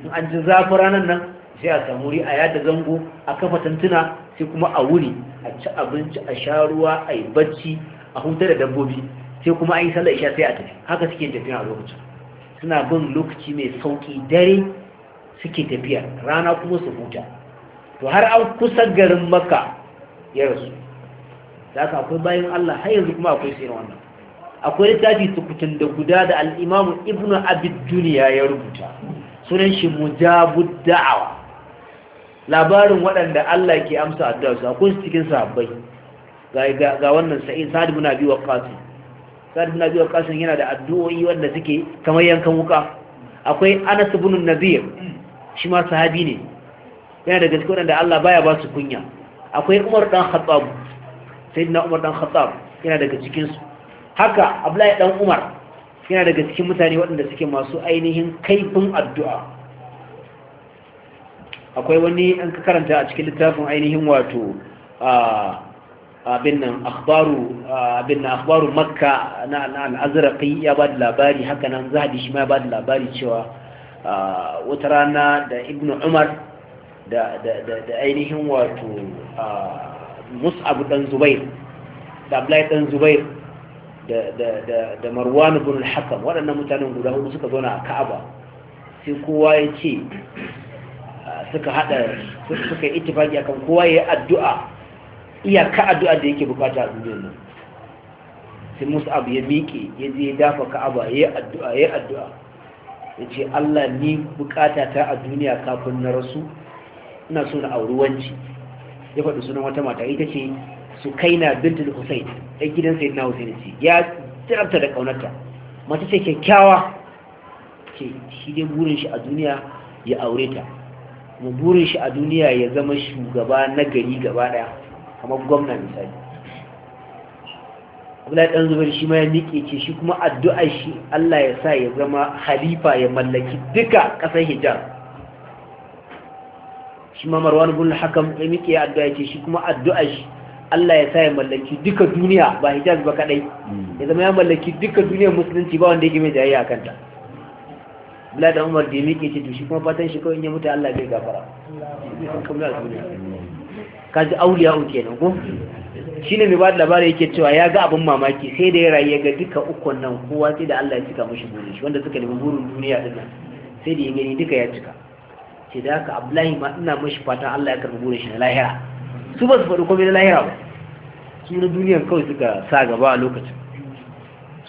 Speaker 1: in an ji zafi ranar nan sai a samuri a yada zango a kafa tantuna sai kuma a wuri a ci abinci a sha ruwa a yi bacci a huta da dabbobi sai kuma an yi sallar isha sai a tafi haka suke tafiya a lokacin suna bin lokaci mai sauki dare suke tafiya rana kuma su huta to har an kusa garin maka ya rasu da ka akwai bayan Allah har yanzu kuma akwai sai wannan akwai littafi sukutun da guda da al'imamu ibnu abid duniya ya rubuta sunan shi mujabud da'awa labarin waɗanda Allah ke amsa addu'a su akwai cikin sahabbai ga wannan sa'in sa'ad ibn abi waqqas sa'ad ibn abi waqqas yana da addu'o'i wanda suke kamar yankan wuka akwai Anas bunin Nadir shi ma sahabi ne yana daga cikin waɗanda Allah baya ba su kunya akwai Umar dan Khattab sayyidina Umar dan Khattab yana daga cikin su haka Abdullahi dan Umar yana daga cikin mutane waɗanda suke masu ainihin kaifin addu'a akwai wani an ka karanta a cikin littafin ainihin wato abin nan akhbaru makka na al'azraƙi ya ba da labari haka nan zahabi shi ma ya ba da labari cewa wata rana da ibn umar da ainihin wato mus'ab dan zubair da abdullahi dan zubair da marwan ibn al-hakam waɗannan mutanen guda hudu suka zauna a ka'aba sai kowa ya ce suka hada suka yi ittifaki akan kowa ya yi addu'a iyaka addu'a da yake bukata a duniyar nan sai abu ya miƙe ya je ya dafa ka'aba ya yi addu'a ya addu'a ya ce Allah ni bukata ta a duniya kafin na rasu ina so na auri wanci ya faɗi sunan wata mata ita ce su sukaina da husayn ya gidan na husayn ce ya tsarta da kaunarta mace ce kyakkyawa ce shi dai burin shi a duniya ya aure ta mu burin shi a duniya ya zama shugaba na gari gaba daya kamar gwamna misali abdullahi dan zubair shi ma ya miƙe ce shi kuma addu'a shi Allah ya sa ya zama halifa ya mallaki duka ƙasar hijab shi ma marwan bin hakam ya miƙe addu'a ce shi kuma addu'a shi Allah ya sa ya mallaki duka duniya ba hijab ba kadai hmm. ya zama ya mallaki duka duniyar musulunci ba wanda yake mai jayayya kanta Abdullahi da Umar da yake ce to shi kuma fatan shi kawai in ya mutu Allah zai gafara ka ji auliya uke nan ko shi ne mai ba da labari yake cewa ya ga abin mamaki sai da ya rayu ya ga duka ukun nan kowa sai da Allah ya cika mushi burin shi wanda suka nemi burin duniya din nan sai da ya gani duka ya cika ce da haka Abdullahi ma ina mushi fatan Allah ya karbi burin shi na lahira su ba su faɗi komai na lahira ba su na duniyan kawai suka sa gaba a lokacin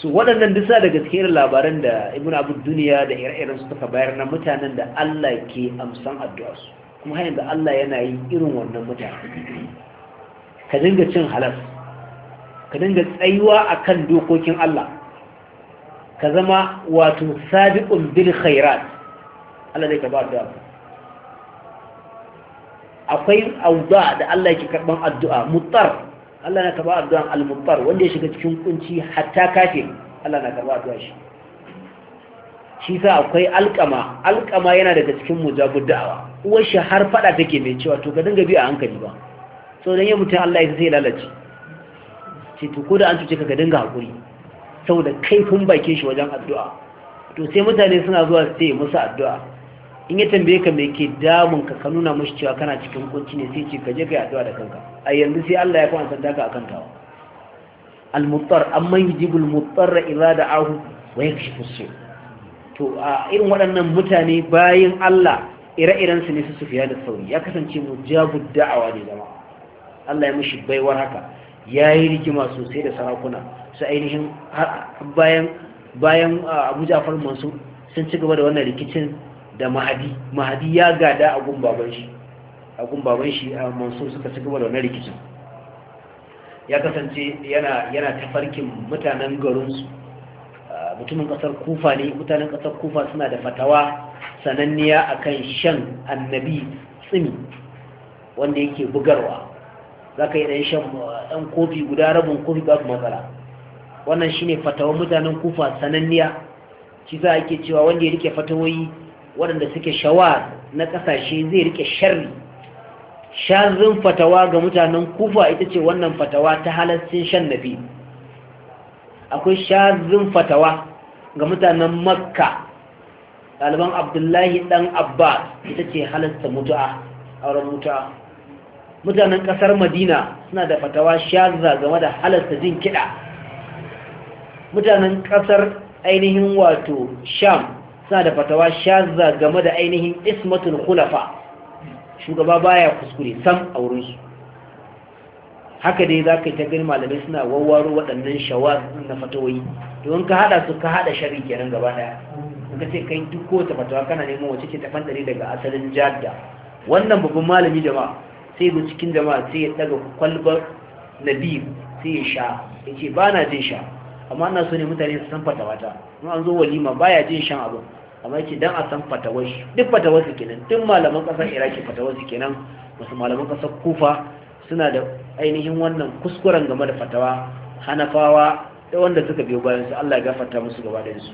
Speaker 1: su waɗannan disa daga cikin labaran da ibn abu duniya da ire-iren su suka bayar na mutanen da Allah ke amsan su, kuma hanyar da Allah yana yi irin wannan mutane ka dinga cin halas ka dinga tsayuwa a kan dokokin Allah ka zama wato sadiƙun bil khairat Allah zai ka ba addu'a akwai auda da Allah ke karɓar addu'a mutar Allah na karɓa addu'an al-muttar wanda ya shiga cikin kunci hatta kafin. Allah na karɓa addu'a shi shi sa akwai alƙama alƙama yana daga cikin mujabud da'awa uwar shi har faɗa take mai cewa to ka dinga bi a hankali ba so dan ya mutum Allah ya sai lalace ce to ko da an cuce ka ka dinga hakuri saboda kaifin bakin shi wajen addu'a to sai mutane suna zuwa su ce musu addu'a in ya tambaye ka mai ke damun ka kanuna nuna mashi cewa kana cikin kunci ne sai ce ka je ka yi addu'a da kanka a yanzu sai Allah ya kuma sanda ka akan tawa al-muttar amma yujibu muttar idza da'ahu wa yakshifu su to a irin waɗannan mutane bayin Allah ire-iren su ne su sufiya da sauri ya kasance mu jabu da'awa ne zama Allah ya mushi baiwar haka yayi rigima sosai da sarakuna su ainihin bayan bayan Abu Ja'far Mansur sun ci gaba da wannan rikicin da mahadi mahadi ya gada a gun baban shi a gun baban shi a suka ci gaba da wani rikicin ya kasance yana yana tafarkin mutanen garinsu mutumin kasar kufa ne mutanen kasar kufa suna da fatawa sananniya akan shan annabi tsimi wanda yake bugarwa za ka yi ɗan shan ɗan kofi guda rabin kofi babu matsala wannan shine fatawa mutanen kufa sananniya shi za a ke cewa wanda ya rike fatawoyi waɗanda suke shawa na ƙasashe zai rike sharri shazin fatawa ga mutanen kufa ita ce wannan fatawa ta halascin shan nabi akwai shazin fatawa ga mutanen makka ɗaliban abdullahi ɗan Abba ita ce halasta mutu'a auren mutu'a mutanen ƙasar madina suna da fatawa shaza game da halasta jin kiɗa mutanen ƙasar ainihin wato sham sa da fatawa shazza game da ainihin ismatul khulafa shugaba baya kuskure sam a wurin su haka dai za ka yi ta gani malamai suna wawwaro waɗannan shawar na fatawoyi domin ka haɗa su ka haɗa shari kenan gaba ɗaya ka ce kai duk kowace fatawa kana neman wace ce ta fantare daga asalin jadda wannan babban malami jama'a sai zo cikin jama'a sai ya daga kwalbar nabi sai ya sha ya ce ba na jin sha amma ana so ne mutane su san fatawata kuma an zo walima baya jin shan abin amma yake dan a san fatawai duk fatawai su kenan duk malaman kasar iraki fatawai su kenan wasu malaman kasar kufa suna da ainihin wannan kuskuren game da fatawa hanafawa da wanda suka biyo bayan su Allah ya fata musu gaba da su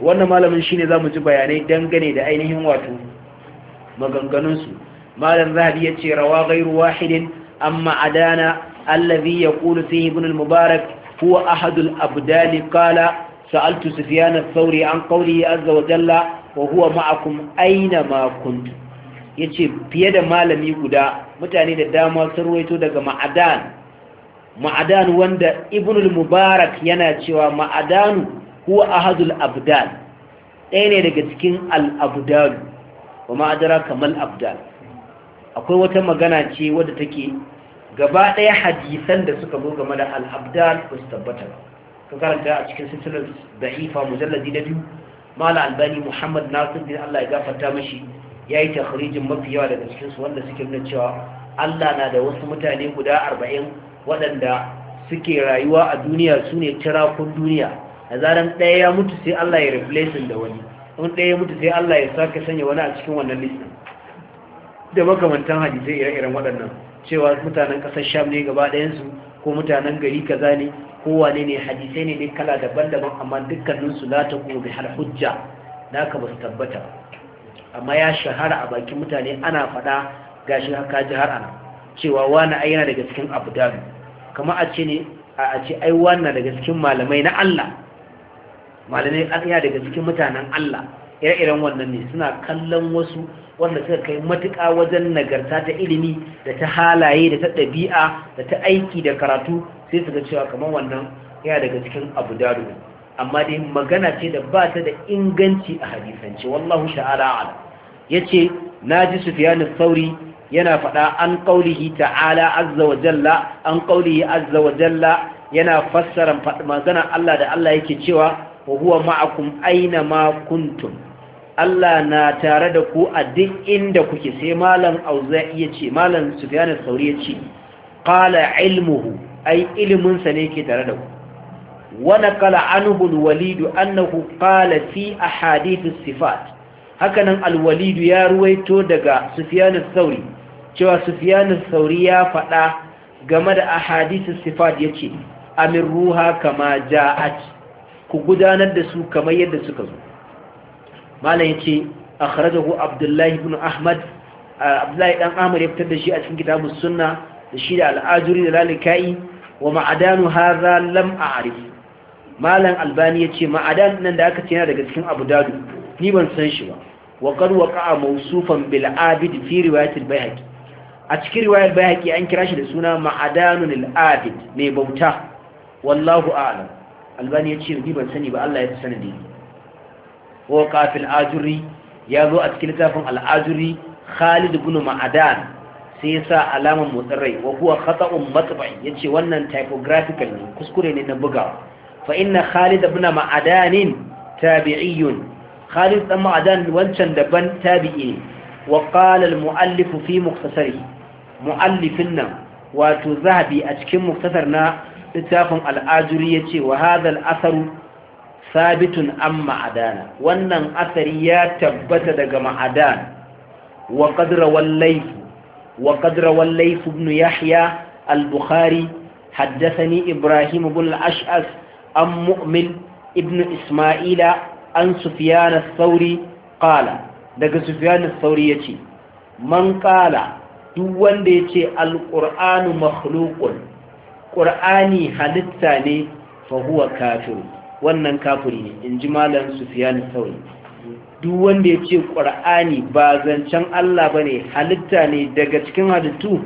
Speaker 1: wannan malamin shine za mu ji bayanai dangane da ainihin wato maganganun su malam zahabi ce rawa ghairu wahidin amma adana alladhi yaqulu fihi ibn al-mubarak huwa ahadul abdali qala سألت سفيان الثوري عن قوله عز وجل وهو معكم أينما كنتم yace fiye da malami guda mutane da dama sun ruwaito daga ma'adan ma'adan wanda ibnul mubarak yana cewa ma'adanu huwa ahadul abdal ɗaya ne daga cikin al-abdal wa ma'adara kamal abdal akwai wata magana ce wadda take gaba ɗaya hadisan da suka zo game da al-abdal ba su tabbata ba ka karanta a cikin sitilar da'ifa mujalladi na biyu mala albani muhammad nasir bin allah ya gafarta mashi ya yi takharijin mafi yawa daga cikinsu wanda suke nuna cewa allah na da wasu mutane guda arba'in waɗanda suke rayuwa a duniya su ne tirakun duniya a zaran ɗaya ya mutu sai allah ya replacing da wani in ɗaya ya mutu sai allah ya sake sanya wani a cikin wannan listin da makamantan hadisai ire-iren waɗannan cewa mutanen ƙasar sham ne gaba ɗayansu ko mutanen gari kaza ne kowane ne hadisai ne ne kala daban-daban amma dukkaninsu la ta kuma har hujja da ka ba su tabbata amma ya shahara a bakin mutane ana faɗa gashi haka ji har ana cewa wani ai yana daga cikin abdalu kama a ce ne a ce ai wani daga cikin malamai na Allah malamai yana daga cikin mutanen Allah ire-iren wannan ne suna kallon wasu wanda suka kai matuƙa wajen nagarta ta ilimi da ta halaye da ta ɗabi'a da ta aiki da karatu sai su ga cewa kamar wannan yana daga cikin abu daru amma dai magana ce da ba ta da inganci a hadisance wallahu sha'ala ala ji naji sufyan sauri yana faɗa an qaulihi ta'ala azza wa jalla an qaulihi azza wa jalla yana fassara magana Allah da Allah yake cewa wa huwa ma'akum aina ma kuntum Allah na tare da ku a duk inda kuke sai malam auza ya ce malam sufyan sauri ya ce qala ilmuhu ai iliminsa ne ke tare da ku wani kala anuhul walidu annahu qala fi ahadithus sifat hakanan alwalidu ya ruwaito daga sufyanus sauri cewa sufyanus sauri ya faɗa game da ahadithus sifat yace amir ruha kama ja'at ku gudanar da su kamar yadda suka zo malam yace akhrajahu abdullahi ibn ahmad abdullahi dan ahmad ya fitar da shi a cikin kitabun sunna da shi da al'ajuri da lalikai wa ma'adanu hadha lam a'rif malam albani yace ma'adan nan da aka ce yana daga cikin abu dadu ni ban san shi ba wa qad waqa'a mawsufan bil abid fi riwayat al bayhaqi a cikin riwayar bayhaqi an kira shi da suna ma'adanun al abid mai bauta wallahu a'lam albani yace ni ban sani ba Allah ya sani da ni wa qafil ajuri ya zo a cikin littafin al ajuri khalid ibn ma'adan sai ya sa alamar motsin rai wa huwa khata'un matba'i yace wannan typographical ne kuskure ne na bugawa fa inna Khalid ibn Ma'adan tabi'iyyun Khalid ibn Ma'adan wancan daban tabi'i ne wa qala al-mu'allif fi muktasari mu'allifin nan wato zahabi a cikin muktasar na littafin al-ajuri yace wa hadha al sabitun an ma'adana wannan asari ya tabbata daga ma'adan wa qadra wal layth وقد روى الليث بن يحيى البخاري حدثني إبراهيم بن الأشعث عن مؤمن ابن إسماعيل عن سفيان الثوري قال daga Sufyan al-Thawri yace man qala duk wanda yace al-Qur'anu makhluqun Qur'ani halitta ne fahuwa huwa wannan kafiri ne inji malam Sufyan duk wanda ya ce ƙwar'ani ba zancen Allah ba ne halitta ne daga cikin halittu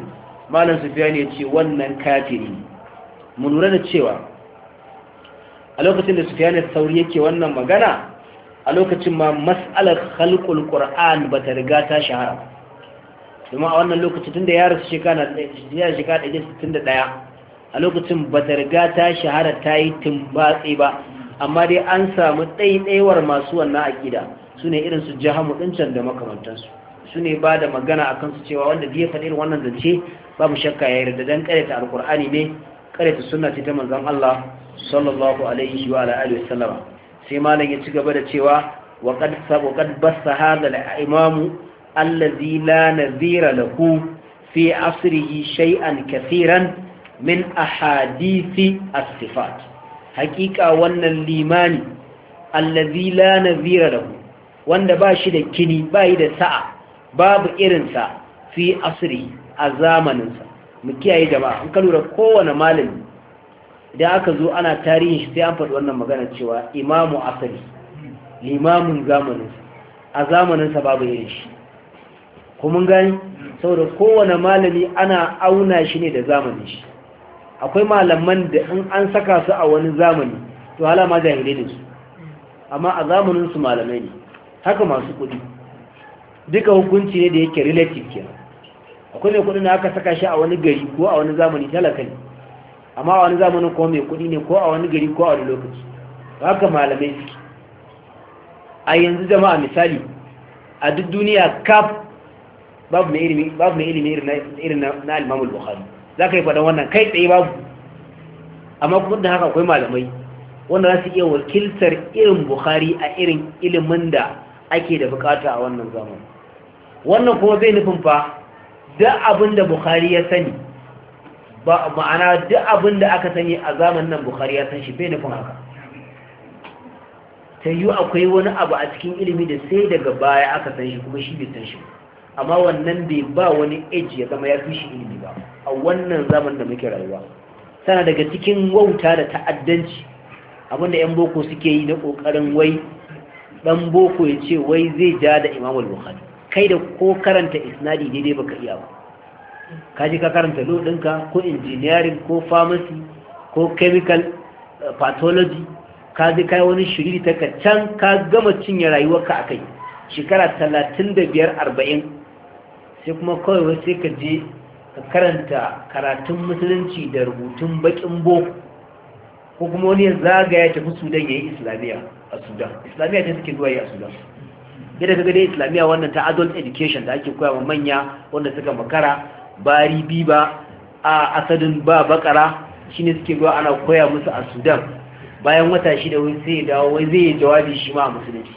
Speaker 1: malam sufiya ne ce wannan kafiri mu lura da cewa a lokacin da sufiya ne sauri yake wannan magana a lokacin ma mas'alar halkul ƙwar'an ba ta riga ta shahara domin a wannan lokacin tun da ya rasu shekara 61 a lokacin ba ta riga ta shahara ta yi tumbatse ba amma dai an samu ɗaiɗaiwar masu wannan aƙida su ne irin su jahamu ɗincan da makamantansu su ne ba da magana a kansu cewa wanda biya faɗi wannan zance babu shakka ya yarda don karyata alkur'ani ne karyata suna ta manzan Allah sallallahu alaihi wa alihi wa sallama sai malam ya ci gaba da cewa wa qad sabu qad bassa hadha al-imamu allazi la nadhira lahu fi asrihi shay'an kathiran min ahadithi as-sifat haqiqa wannan limani allazi la nadhira lahu wanda ba shi da kini ba yi da sa'a babu irinsa fi asiri a zamaninsa mu kiyaye jama'a an kalura kowane malami idan aka zo ana tarihin shi sai an faɗi wannan magana cewa imamu asiri limamin zamaninsa a zamaninsa babu irin shi kuma gani saboda kowane malami ana auna shi ne da zamanin shi akwai malaman da in an saka su a wani zamani to hala ma jahilai da su amma a zamaninsu malamai ne haka masu kuɗi duka hukunci ne da yake relative kenan akwai mai kuɗi na aka saka shi a wani gari ko a wani zamani talaka ne amma a wani zamanin ko mai kuɗi ne ko a wani gari ko a wani lokaci haka malamai suke a yanzu jama'a misali a duk duniya kaf babu mai ilimi babu mai ilimi irin na al-Imam al-Bukhari zaka yi faɗan wannan kai tsaye babu amma kuma da haka akwai malamai wanda za su iya wakiltar irin Bukhari a irin ilimin da ake da bukata a wannan zamani wannan ko zai nufin fa duk abin da bukhari ya sani ba ma'ana duk abin da aka sani a zamanin nan bukhari ya san shi bai nufin haka ta yi akwai wani abu a cikin ilimi da sai daga baya aka san shi kuma shi bai san shi amma wannan bai ba wani age ya zama ya fi shi ilimi ba a wannan zaman da muke rayuwa Sana daga cikin wauta da ta'addanci abinda 'yan boko suke yi na ƙoƙarin wai dan boko ya ce wai zai ja da imam al-bukhari kai da ko karanta isnadi daidai baka iya ba kaji ka karanta lo dinka ko engineering ko pharmacy ko chemical eh, pathology ka kai wani shiriri ta ka can ka gama cinye rayuwarka a kai shekara talatin da biyar arba'in sai kuma kawai sai ka je ka karanta karatun musulunci da rubutun bakin boko ko kuma wani ya zagaya tafi sudan ya yi islamiyya a sudan islamiyya ta suke zuwa yi a sudan yadda ka dai islamiyya wannan ta adult education da ake koya manya wanda suka makara bari biba a asadin ba bakara shi ne suke zuwa ana koya musu a sudan bayan wata da wani sai dawo wai zai jawabi shi ma a musulunci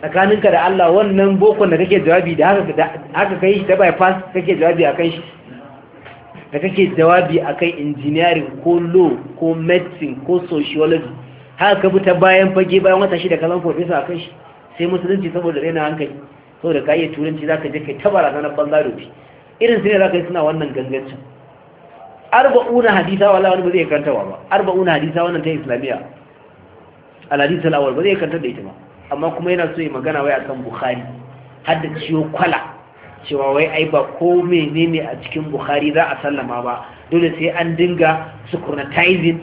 Speaker 1: tsakaninka da Allah wannan bokon da kake jawabi da haka kai shi ta bypass kake jawabi a kan shi da kake jawabi akan engineering ko law ko medicine ko sociology haka ka bi ta bayan fage bayan wata shida ka zama professor akan shi sai musulunci saboda raina hankali saboda ka iya turanci ka je kai tabara na bangaro fi irin su ne ka yi suna wannan gangancin arba'una hadisa wala wani ba zai wa ba arba'una hadisa wannan ta islamiyya al-hadith al ba zai kanta da ita ba amma kuma yana so ya magana wai akan bukhari hadda ciwo kwala cewa wai ai ba ko menene a cikin bukhari za a sallama ba dole sai an dinga synchronizing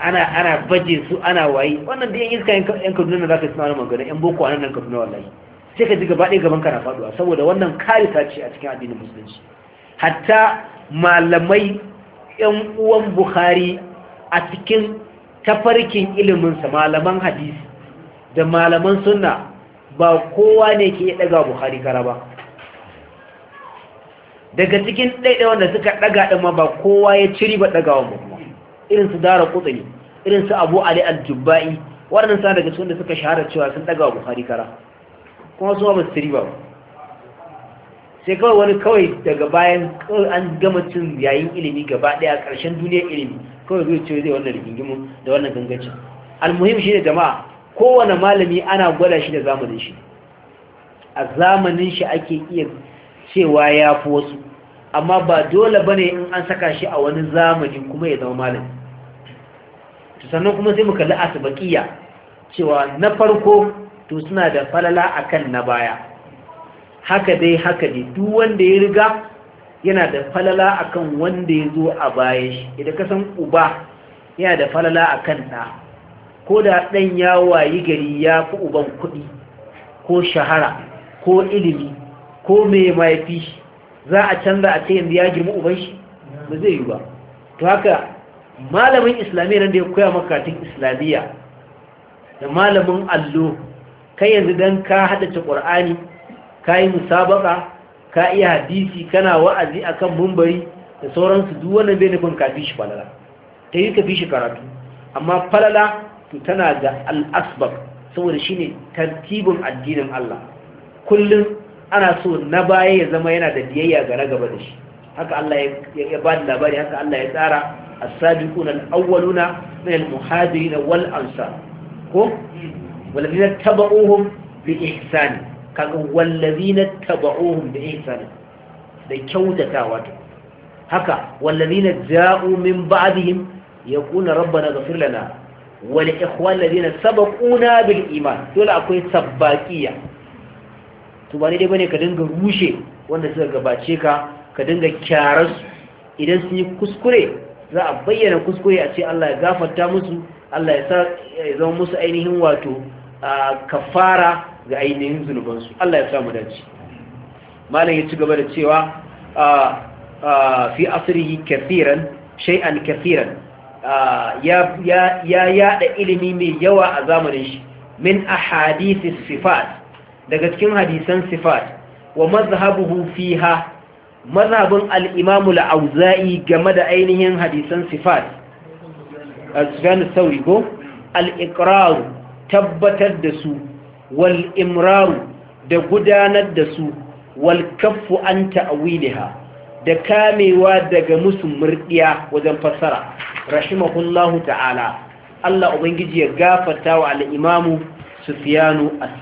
Speaker 1: ana ana baje su ana wayi wannan da yan iska yan kaduna za ka suna wani magana yan boko anan nan kaduna wallahi sai ka ji gaba ɗaya gaban kana faduwa saboda wannan karita ce a cikin addinin musulunci hatta malamai yan uwan bukhari a cikin tafarkin ilimin sa malaman hadisi da malaman sunna ba kowa ne ke iya daga bukhari kara ba daga cikin ɗaiɗa wanda suka ɗaga ɗin ma ba kowa ya ciri ba ɗagawa ba kuma irin su dara kutsini irin su abu ali al al-jubba'i waɗannan sa daga cikin da suka shahara cewa sun ɗaga wa buhari kara kuma su ba su ciri ba sai kawai wani kawai daga bayan kawai an gama cin yayin ilimi gaba ɗaya ƙarshen duniyar ilimi kawai zai ce zai wannan rigingimu da wannan gangancin almuhim shi ne jama'a kowane malami ana gwada shi da zamanin shi a zamanin shi ake iya cewa ya fi wasu amma ba dole ba ne in an saka shi a wani zamani kuma ya zama malami sannan kuma sai mu kalli asibakiya cewa na farko to suna da falala a kan na baya haka dai haka dai duk wanda ya riga yana da falala a kan wanda ya zo a baya shi idan ka san uba yana da falala a kan ɗa ko da ɗan ya wayi gari ya fi uban kuɗi ko shahara ko ilimi ko mai mahaifi shi za a canza a ce yanzu ya girma uban shi ba zai yi ba to haka malamin islamiyya da ya koya maka makatun islamiyya da malamin allo kai yanzu don ka haɗace ƙwar'ani ka yi musabaka ka iya hadisi kana wa'azi akan mumbari da sauransu duk wannan bai nufin ka fi shi falala ta yi ka fi shi karatu amma falala to tana ga al'asbab saboda shine tartibin addinin Allah kullum ana so na baya ya zama yana da biyayya ga na gaba da shi haka Allah ya ba da labari haka Allah ya tsara as-sabiqun al-awwaluna min al-muhajirin wal ansar ko walladhina tabauhum bi ihsani kaga walladhina tabauhum bi ihsani da kyautatawa to haka walladhina ja'u min ba'dihim yaquluna rabbana ighfir lana wa li ikhwanina alladhina sabaquna bil iman dole akwai sabbaqiya to ba daidai bane ka dinga rushe wanda suka gabace ka ka dinga kyararsu idan sun yi kuskure za a bayyana kuskure a ce Allah ya gafarta musu Allah ya zama musu ainihin wato kafara ga ainihin zunubansu Allah ya samu dace malam ya ci gaba da cewa fi kafiran kathiran shay'an kafiran ya ya ilimi mai yawa a zamanin shi min ahadithis sifat daga cikin hadisan sifat wa mazhabuhu fiha mazhabin al-imam al-auza'i game da ainihin hadisan sifat al-sufyan al al-iqrar tabbatar da su wal imrar da gudanar da su wal kaffu an ta'wilha da kamewa daga musu murdiya wajen fassara rahimahullahu ta'ala Allah ubangiji ya gafarta wa al-imam sufyanu al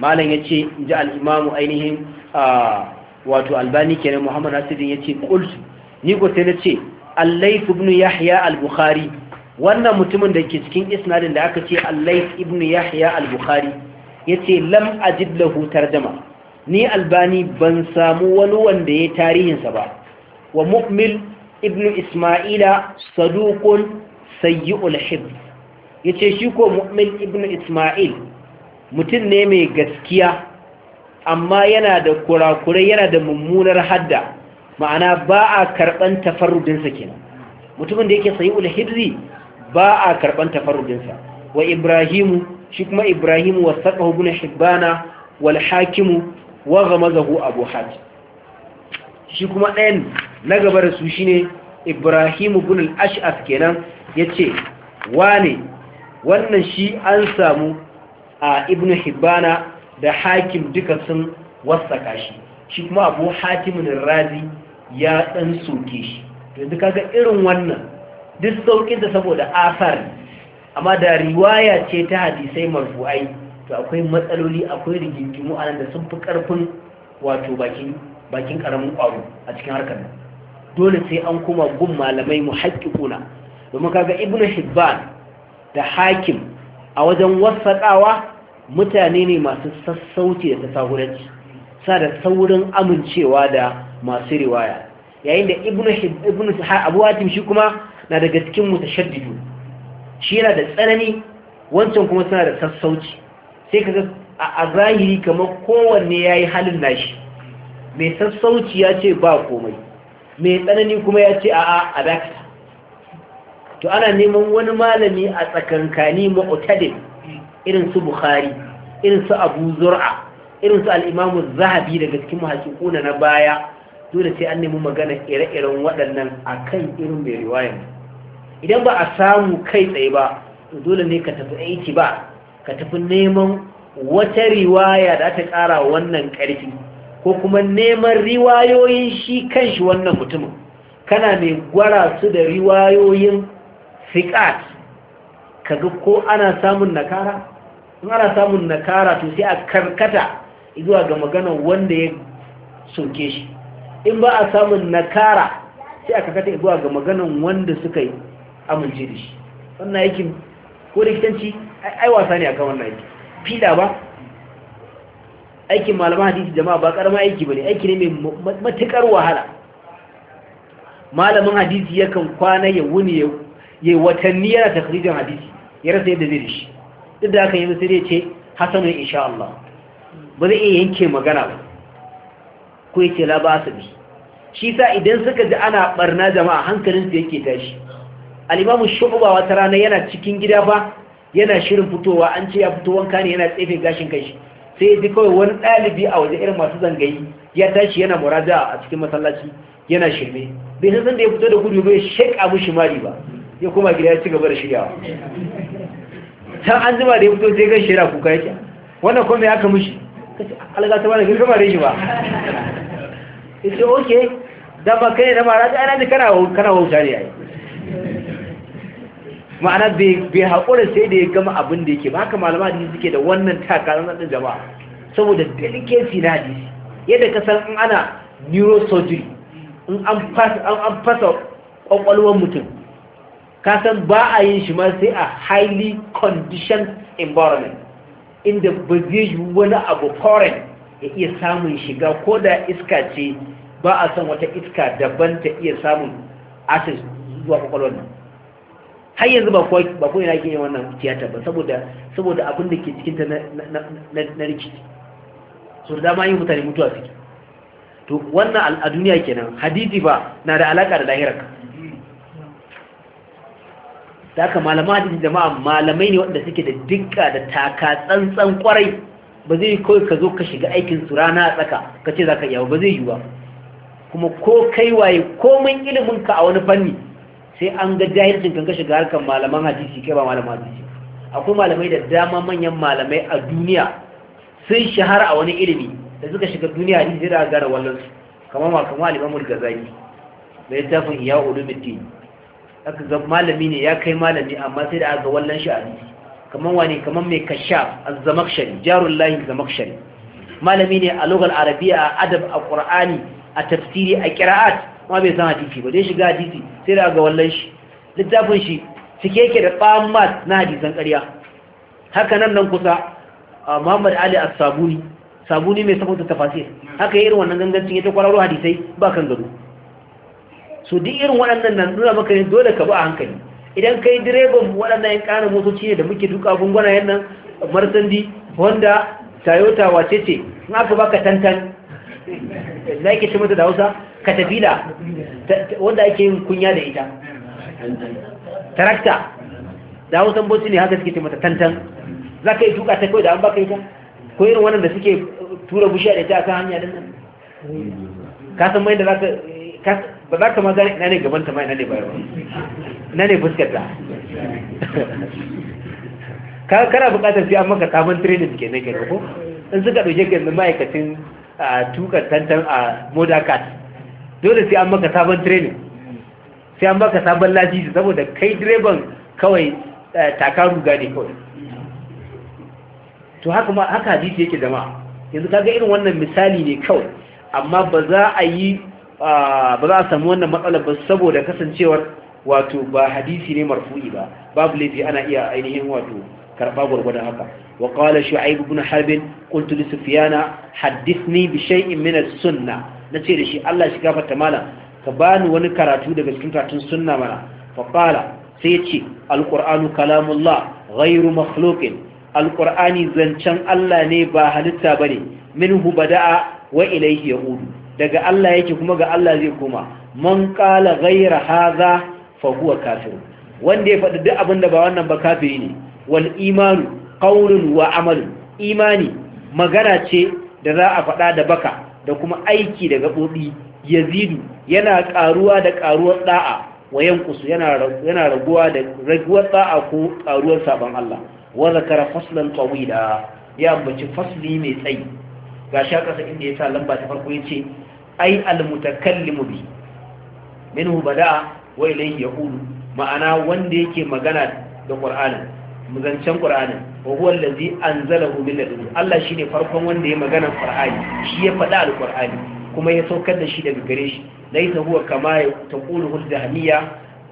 Speaker 1: malam ya ce ji al'imamu ainihin wato albani kenan muhammad hasidin ya ce ƙulsu ni ko sai na ce allai ibn yahya al-bukhari wannan mutumin da ke cikin isnadin da aka ce allai ibn yahya al-bukhari ya ce lam ajid lahu tarjama ni albani ban samu wani wanda ya tarihinsa ba wa mu'mil ibn isma'ila saduqun sayyi'ul hifz yace shi ko mumin ibn isma'il mutum ne mai gaskiya amma yana da kurakurai yana da mummunar hadda ma'ana ba a karɓan tafarrudinsa kenan mutumin da yake sayi ulhibzi ba a karɓan tafarrudinsa wa ibrahimu shi kuma ibrahimu wa saƙahu guna shibbana wal hakimu wa gamazahu abu hajj shi kuma ɗayan na gaba da su shine ibrahimu bin al-ash'af kenan yace wane wannan shi an samu a ibn hibbana da hakim duka sun wasaka shi shi kuma abu hakimin razi ya dan soke shi yanzu kaga irin wannan duk saukin da saboda asar amma da riwaya ce ta hadisai marfu'ai to akwai matsaloli akwai rigingimu a nan da sun fi karfin wato bakin bakin karamin kwaro a cikin harkar nan dole sai an kuma gun malamai mu haƙiƙuna domin kaga ibnu hibban da hakim a wajen wasaɗawa mutane ne masu sassauci da tasahuranci sa da saurin amincewa da masu riwaya yayin da ibn abu hatim shi kuma na daga cikin mutashaddidu shi yana da tsanani wancan kuma suna da sassauci sai ka a zahiri kamar kowanne ya yi halin nashi mai sassauci ya ce ba komai mai tsanani kuma ya ce a'a a dakata to ana neman wani malami a tsakankani ma'utadin irin su bukhari irin su abu zur'a irin su al-imamu zahabi daga cikin kuna na baya dole sai an nemi magana ire-iren waɗannan akan irin mai riwayan idan ba a samu kai tsaye ba to dole ne ka tafi aiki ba ka tafi neman wata riwaya da ta ƙara wannan ƙarfi ko kuma neman riwayoyin shi kanshi wannan mutumin kana mai gwara su da riwayoyin fiƙat kaga ko ana samun nakara in ana samun nakara to sai a karkata zuwa ga magana wanda ya soke shi in ba a samun nakara sai a karkata zuwa ga magana wanda suka yi amince da shi wannan aikin ko likitanci ai wasa ne akan wannan aiki fida ba aikin malaman hadisi jama'a ba karama aiki bane aiki ne mai matukar wahala malamin hadisi yakan kwana ya wuni ya ya watanni yana takrijin hadisi ya rasa yadda zai shi duk da haka yi zai dai ce hasanun insha Allah ba zai iya yanke magana ba ko ya ce su bi shi sa idan suka ji ana barna jama'a hankalin su yake tashi alimamu shubuwa ta wata rana yana cikin gida fa? yana shirin fitowa an ce ya fito wanka ne yana tsefe gashin kai shi sai ji kawai wani ɗalibi a waje irin masu zangayi ya tashi yana muraja a cikin masallaci yana shirme bai san da ya fito da gudu bai shek abu shimari ba ya koma gida ya ci gaba da shiryawa can an zuba da ya fito sai gan shirya kuka yake wannan kuma ya aka mushi alga ta bada da gama da shi ba ya ce oke dama kai na mara ta ana ji kana wauta ne yayi ma'ana bai haƙura sai da ya gama abin da yake ba haka malama da suke da wannan takarar ɗin jama'a saboda delicacy na hadisi yadda ka san ana neurosurgery in an fasa ƙwaƙwalwar mutum ka san ba a yin shi ma sai a highly conditioned environment inda ba zai yi wani abu foreign ya iya samun shiga ko da iska ce ba a san wata iska daban ta iya samun access zuwa kwakwalwar nan har yanzu ba ko yana ke yin wannan tiyata ba saboda saboda abin da ke cikinta na rikici so da dama yin mutane mutuwa suke to wannan a duniya kenan hadidi ba na da alaka da lahirar da haka malama jama'a malamai ne wanda suke da dukka da taka tsantsan kwarai ba zai yi kawai ka zo ka shiga aikin su rana a tsaka ka ce za ka iya ba zai yi ba kuma ko kai waye komin ilimin ka a wani fanni sai an ga jahilcin kan ka shiga harkar malaman hadisi kai ba malaman hadisi akwai malamai da dama manyan malamai a duniya sun shahara a wani ilimi da suka shiga duniya hadisi da gara wallansu kamar ma kamar alimamul gazali mai tafin iya ulumuddin aka ga malami ne ya kai malami amma sai da aka wallan shi a hadisi kaman wani kaman mai kasha az-zamakhshari jarul lahi zamakhshari malami ne a lugal arabiya a adab a qur'ani a tafsiri a ƙira'at. ma bai san hadisi ba dai shiga hadisi sai da aka wallan shi littafin shi cike yake da tsammat na hadisan ƙarya haka nan nan kusa Muhammad Ali a sabuni sabuni mai saboda tafasir haka irin wannan gangancin ya ta kwararo hadisai ba kan gado su duk irin waɗannan nan nuna maka ne dole ka ba a hankali idan ka yi direban waɗannan yan ƙana motoci ne da muke duka gungunan yannan, martandi, honda toyota wace ce in ba baka tantan za ki ce mata da hausa da wanda ake yin kunya da ita tarakta da hausan boci ne haka suke ce mata tantan za ka yi duka ta kawai da an baka ita ko irin wannan da suke tura bushiya da ita a kan hanya din nan ka san mai da za ka ba za ka ma gane ina ne gaban ta ma ina ne bayan ina ne fuskar ta ka kana bukatar sai an maka kaman training ke na kenan ko in suka ɗauke ka ma'aikacin a tuka tantan a moda card dole sai an maka sabon training sai an maka sabon lajiji saboda kai direban kawai takaru gane kawai to haka ma haka hadisi yake zama yanzu kaga irin wannan misali ne kawai amma ba za a yi ba za a samu wannan matsalar ba saboda kasancewar wato ba hadisi ne marfu'i ba babu laifi ana iya ainihin wato karba gurgurdan haka wa qala shu'aib ibn harb qultu li sufyana hadithni bi shay'in min as-sunnah nace da shi Allah shi gafarta malam ka bani wani karatu daga cikin karatun sunna mana fa qala sai ce al-qur'anu kalamullah ghayru makhluqin al-qur'ani zancan Allah ne ba halitta bane minhu bada'a wa ilayhi yahudu daga Allah yake kuma ga Allah zai koma man qala ghayra hadha fa huwa kafir wanda ya faɗi duk abin da ba wannan ba kafiri ne wal imanu qawlun wa amal imani magana ce da za a faɗa da baka da kuma aiki da gabobi yazidu yana ƙaruwa da ƙaruwar da'a wa yankusu yana raguwa da raguwar da'a ko ƙaruwar sabon Allah wa zakara faslan tawila ya ambaci fasli mai tsayi ga sha ƙasa inda ya sa lamba ta farko ya ce ai almutakallimu bi minhu bada'a wa ilayhi yaqulu ma'ana wanda yake magana da qur'anin muzancen qur'anin wa huwa allazi anzalahu min ladun Allah shine farkon wanda ya magana qur'ani shi ya faɗa alqur'ani kuma ya saukar da shi daga gare shi laisa huwa kama taqulu huddahmiya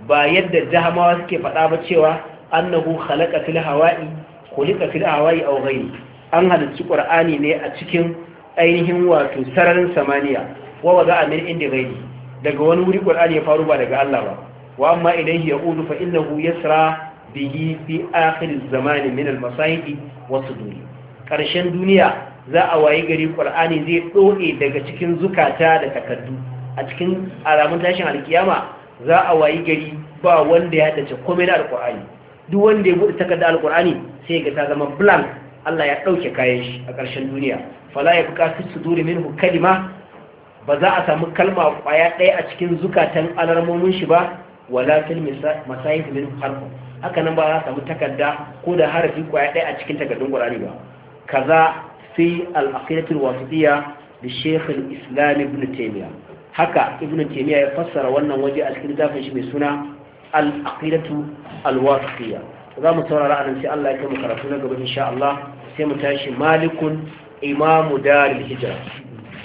Speaker 1: ba yadda jahamawa suke faɗa ba cewa annahu khalaqa fil hawa'i khuliqa fil hawa'i aw ghayri an halarci ƙur'ani ne a cikin ainihin wato sararin samaniya za a min inda ghairi daga wani wuri ƙur'ani ya faru ba daga Allah ba wa amma ya ya'udu fa innahu yasra bihi fi akhir zamani min al-masaibi was-sudur karshen duniya za a wayi gari qur'ani zai doke daga cikin zukata da takardu. a cikin alamun tashin alkiyama za a wayi gari ba wanda ya dace komai da alqur'ani duk wanda ya bude takardar alqur'ani sai ga ta zama blank Allah ya ɗauke kayan shi a karshen duniya fala ya yabqa fi suduri minhu kadima. ba za a samu kalma kwaya ɗaya a cikin zukatan alarmomin shi ba wala fil min harfin haka nan ba za a samu takarda ko da harafi kwaya ɗaya a cikin takardun qur'ani ba kaza fi al-aqidatul wasitiyya da shaykh islam ibn haka ibn taymiyyah ya fassara wannan waje a cikin shi mai suna al-aqidatu al za mu saurara anan sai Allah ya kai mu karatu na gaba insha Allah sai mu tashi malikun imamu daril hijra